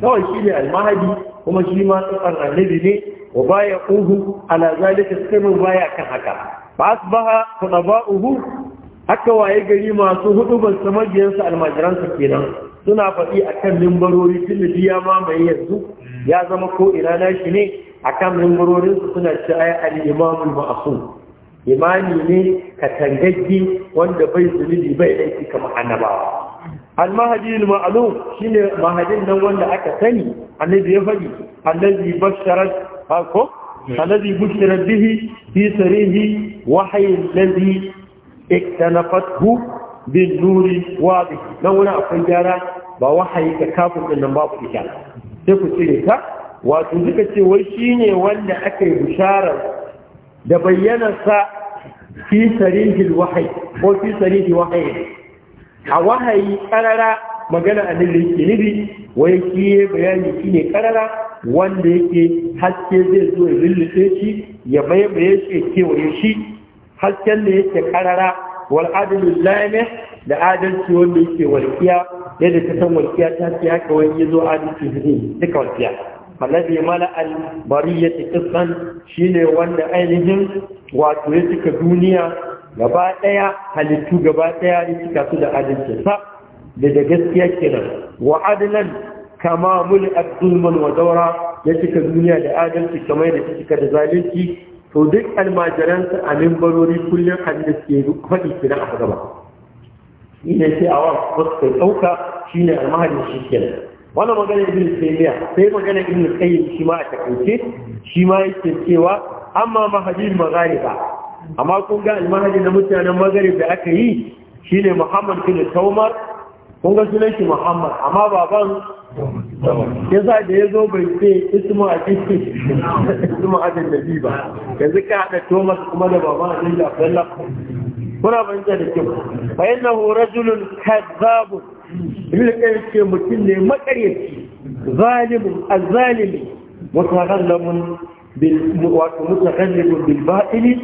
kawai shi ne almahadi kuma shi ma tsakan annabi ne wa baya uhu ala zalika suka baya kan haka fa asbaha qadaba'uhu haka waye gari masu hudu ban sa mabiyansa almajiransa kenan suna faɗi akan mimbarori tun da ma mai yanzu ya zama ko ina na shi ne akan mimbarorinsu suna ci a al-imamul ma'sum imani ne ka tangagge wanda bai zunubi bai laifi kamar annabawa almahadi ma'alum shine mahadin nan wanda aka sani annabi ya faɗi annabi basharat ko annabi bushirat bihi fi sarihi wahyi allazi iktanafathu bin nuri wadi nan wani akwai gyara ba wahayi ga kafin din nan babu ita sai ku cire ta wato duka ce wai shine wanda aka yi bisharar da bayyanarsa fi sarihil wahayi ko fi sarihil wahayi a wahayi karara magana annabi yake nufi wai shi bayani shine karara wanda yake haske zai zo ya lullube shi ya maimaye shi ya kewaye shi hasken da yake karara wal adalul lame da adalci wanda yake walkiya yadda ta san walkiya ta fi haka wani ya zo adalci duka walkiya alladhi mala al bariyati qisman shine wanda ainihin wato ya cika duniya gaba daya halittu gaba daya ya cika su da adalci sa da da gaskiya kenan wa adlan kama mul zulman wa dawra ya cika duniya da adalci kamar da cika da zalunci to duk almajiransa a mimbarori kullum hadis ke faɗi kina a gaba shi ne sai a wa wasu ɗauka shi ne almahadin shi kenan wannan magana ibn taymiya sai magana ibn qayyim shi ma a takaice shi ma yake cewa amma mahadin maghariba amma kun ga almahadi na mutanen magharib aka yi shine muhammad bin taumar kun ga sunan shi muhammad amma baban yasa da ya zo bai ce ismu a ciki ismu a nabi ba yanzu ka haɗa thomas kuma da baban abin da abdullah kuna banta da kyau fa innahu rajulun kadhabun ila qayyim ce mutum ne makaryaci zalimun azzalimi mutaghallamun bil wato mutaghallamun bil batili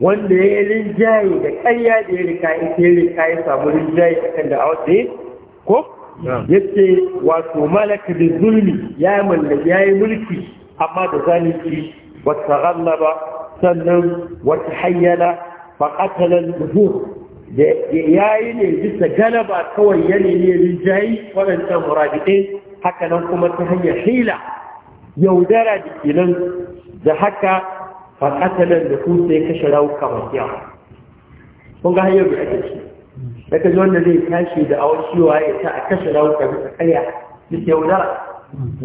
wanda ya rinjaye da ƙarya da ya rika ita ya rika ya samu rinjaye a kan da a wata ko ya ce wato malaka da zulmi ya mallaki ya yi mulki amma da zalunci wata ghallaba sannan wata hayyala faƙatalar zuhur ya yi ne bisa galaba kawai ya nemi rinjayi waɗancan murabiɗe haka nan kuma ta hanyar hila yaudara da kenan da haka faƙatalar da ku sai kashe rauka masu yawa kun ga hanyar da ake ci da ka wanda zai tashi da awar ciwa ya sa a kashe rauka bisa ƙarya bisa yaudara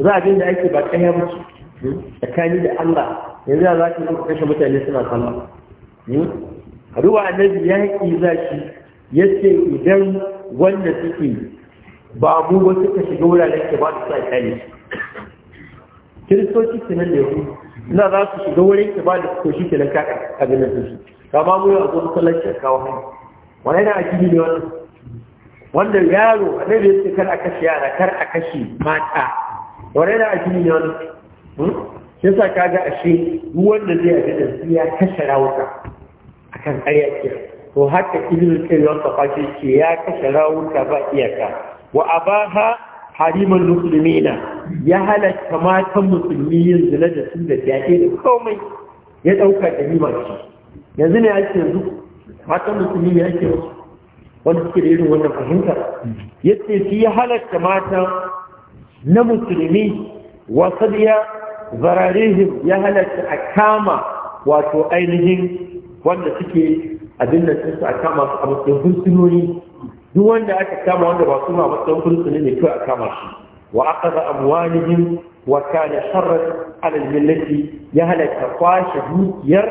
za a bin da ake ba ƙarya ba ce tsakani da allah yanzu za ka zo ka kashe mutane suna sallah hmm? ruwa na ya haƙi za shi ya ce idan wanda suke ba mu ba suka shiga wuraren ke ba su sa kai. kiristoci su nan da yahu na za su shiga wurin ke ba da su koshi ke nan kaka a ganin su kama mu yau a zuwa masallaci a kawo hanyar wani yana ajiyi ne wannan wanda yaro annabi ya ce kar a kashe yara kar a kashe mata wani yana ajiyi ne wannan hmm? shi sa kaga ashe duk wanda zai a gidan su ya kashe rawuka akan ƙarya ke to haka ibn kayyar safafi ce ya kashe rawuka ba iyaka wa a ha hariman musulmina ya halatta matan musulmi yin zina da su da fyaɗe da komai ya ɗauka da nima shi. yanzu ne ake yanzu matan musulmi ne ake yanzu wanda suke da irin wannan fahimtar ya ce shi ya halatta matan na musulmi wasu ya zararihim ya halatta a kama wato ainihin wanda suke abin da su a kama su a matsayin fursunoni duk wanda aka kama wanda ba su ma matsayin fursuni ne kawai a kama shi wa akhadha amwalihim wa kana sharrat ala ya halaka kwashe dukiyar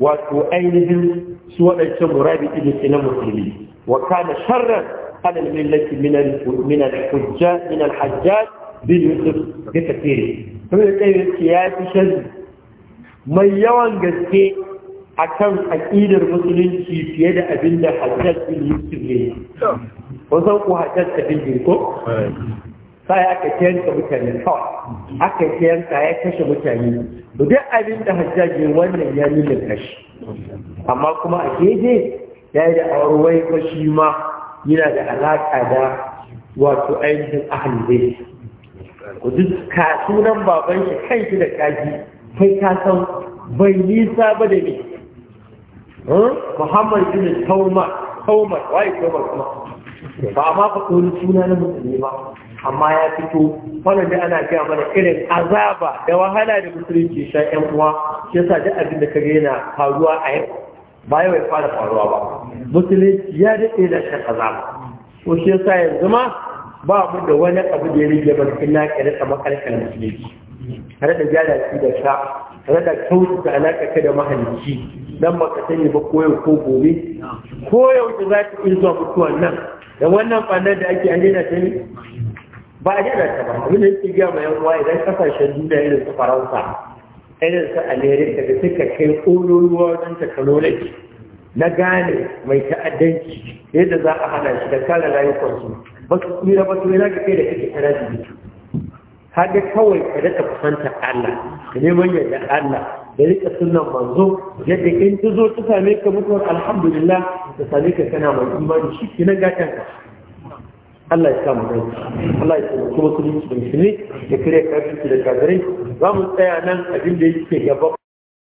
wato ainihin su waɗancan murabi ibn na musulmi wa kana sharran ala millati min al min al hujja min al hajjaj bin yusuf da kathiri kuma da kai ya fi shari mai yawan gaske a kan aƙidar musulunci fiye da abin da hajjar bin yusuf ne wasan ku hajjar ta bin ko sai aka yanka mutane kawai aka yanka ya kashe mutane to duk abin da hajjaji wannan ya nuna kashi amma kuma a keje ya yi da aurwai ko shi ma yana da alaƙa da wato ainihin ahal zai ku duk ka sunan baban shi da kaji kai ka san bai nisa ba da ni Eh? muhammad ibn tauma ba amma ko suna na mutane ba amma ya fito wannan da ana gaya mana irin azaba da wahala da musulunci sha yan uwa shi yasa duk abin da kage yana faruwa a yau ba yau ya fara faruwa ba musulunci ya daɗe da shi azaba ko shi yasa yanzu ma ba mu da wani abu da ya rige ba illa ka rika makarkar musulunci ka da gyara shi da ka da rika da alaƙa ka da mahalicci dan ba ka ba koyau ko gobe koyo za ta iya zuwa mutuwan nan da wannan fannin da ake an daina ne ba a daina ta ba abin da yake gaya ma yan idan kasashen duniya irin su faransa irin su amerika da suka kai ƙololuwa wajen technology na gane mai ta'addanci yadda za a hana shi da kare rayukansu ba ka tsira ba kuma ka kai da kake tara da mutu ga kawai ka daɗa kusanta Allah da neman yadda Allah da rika sunan manzo yadda in ta ta same ka mutuwar alhamdulillah ta same ka kana mai imani shi ke nan gatan ka Allah ya sa mu dai Allah ya sa kuma su ne da kire karfi da kagare za mu tsaya nan abin da yake gaba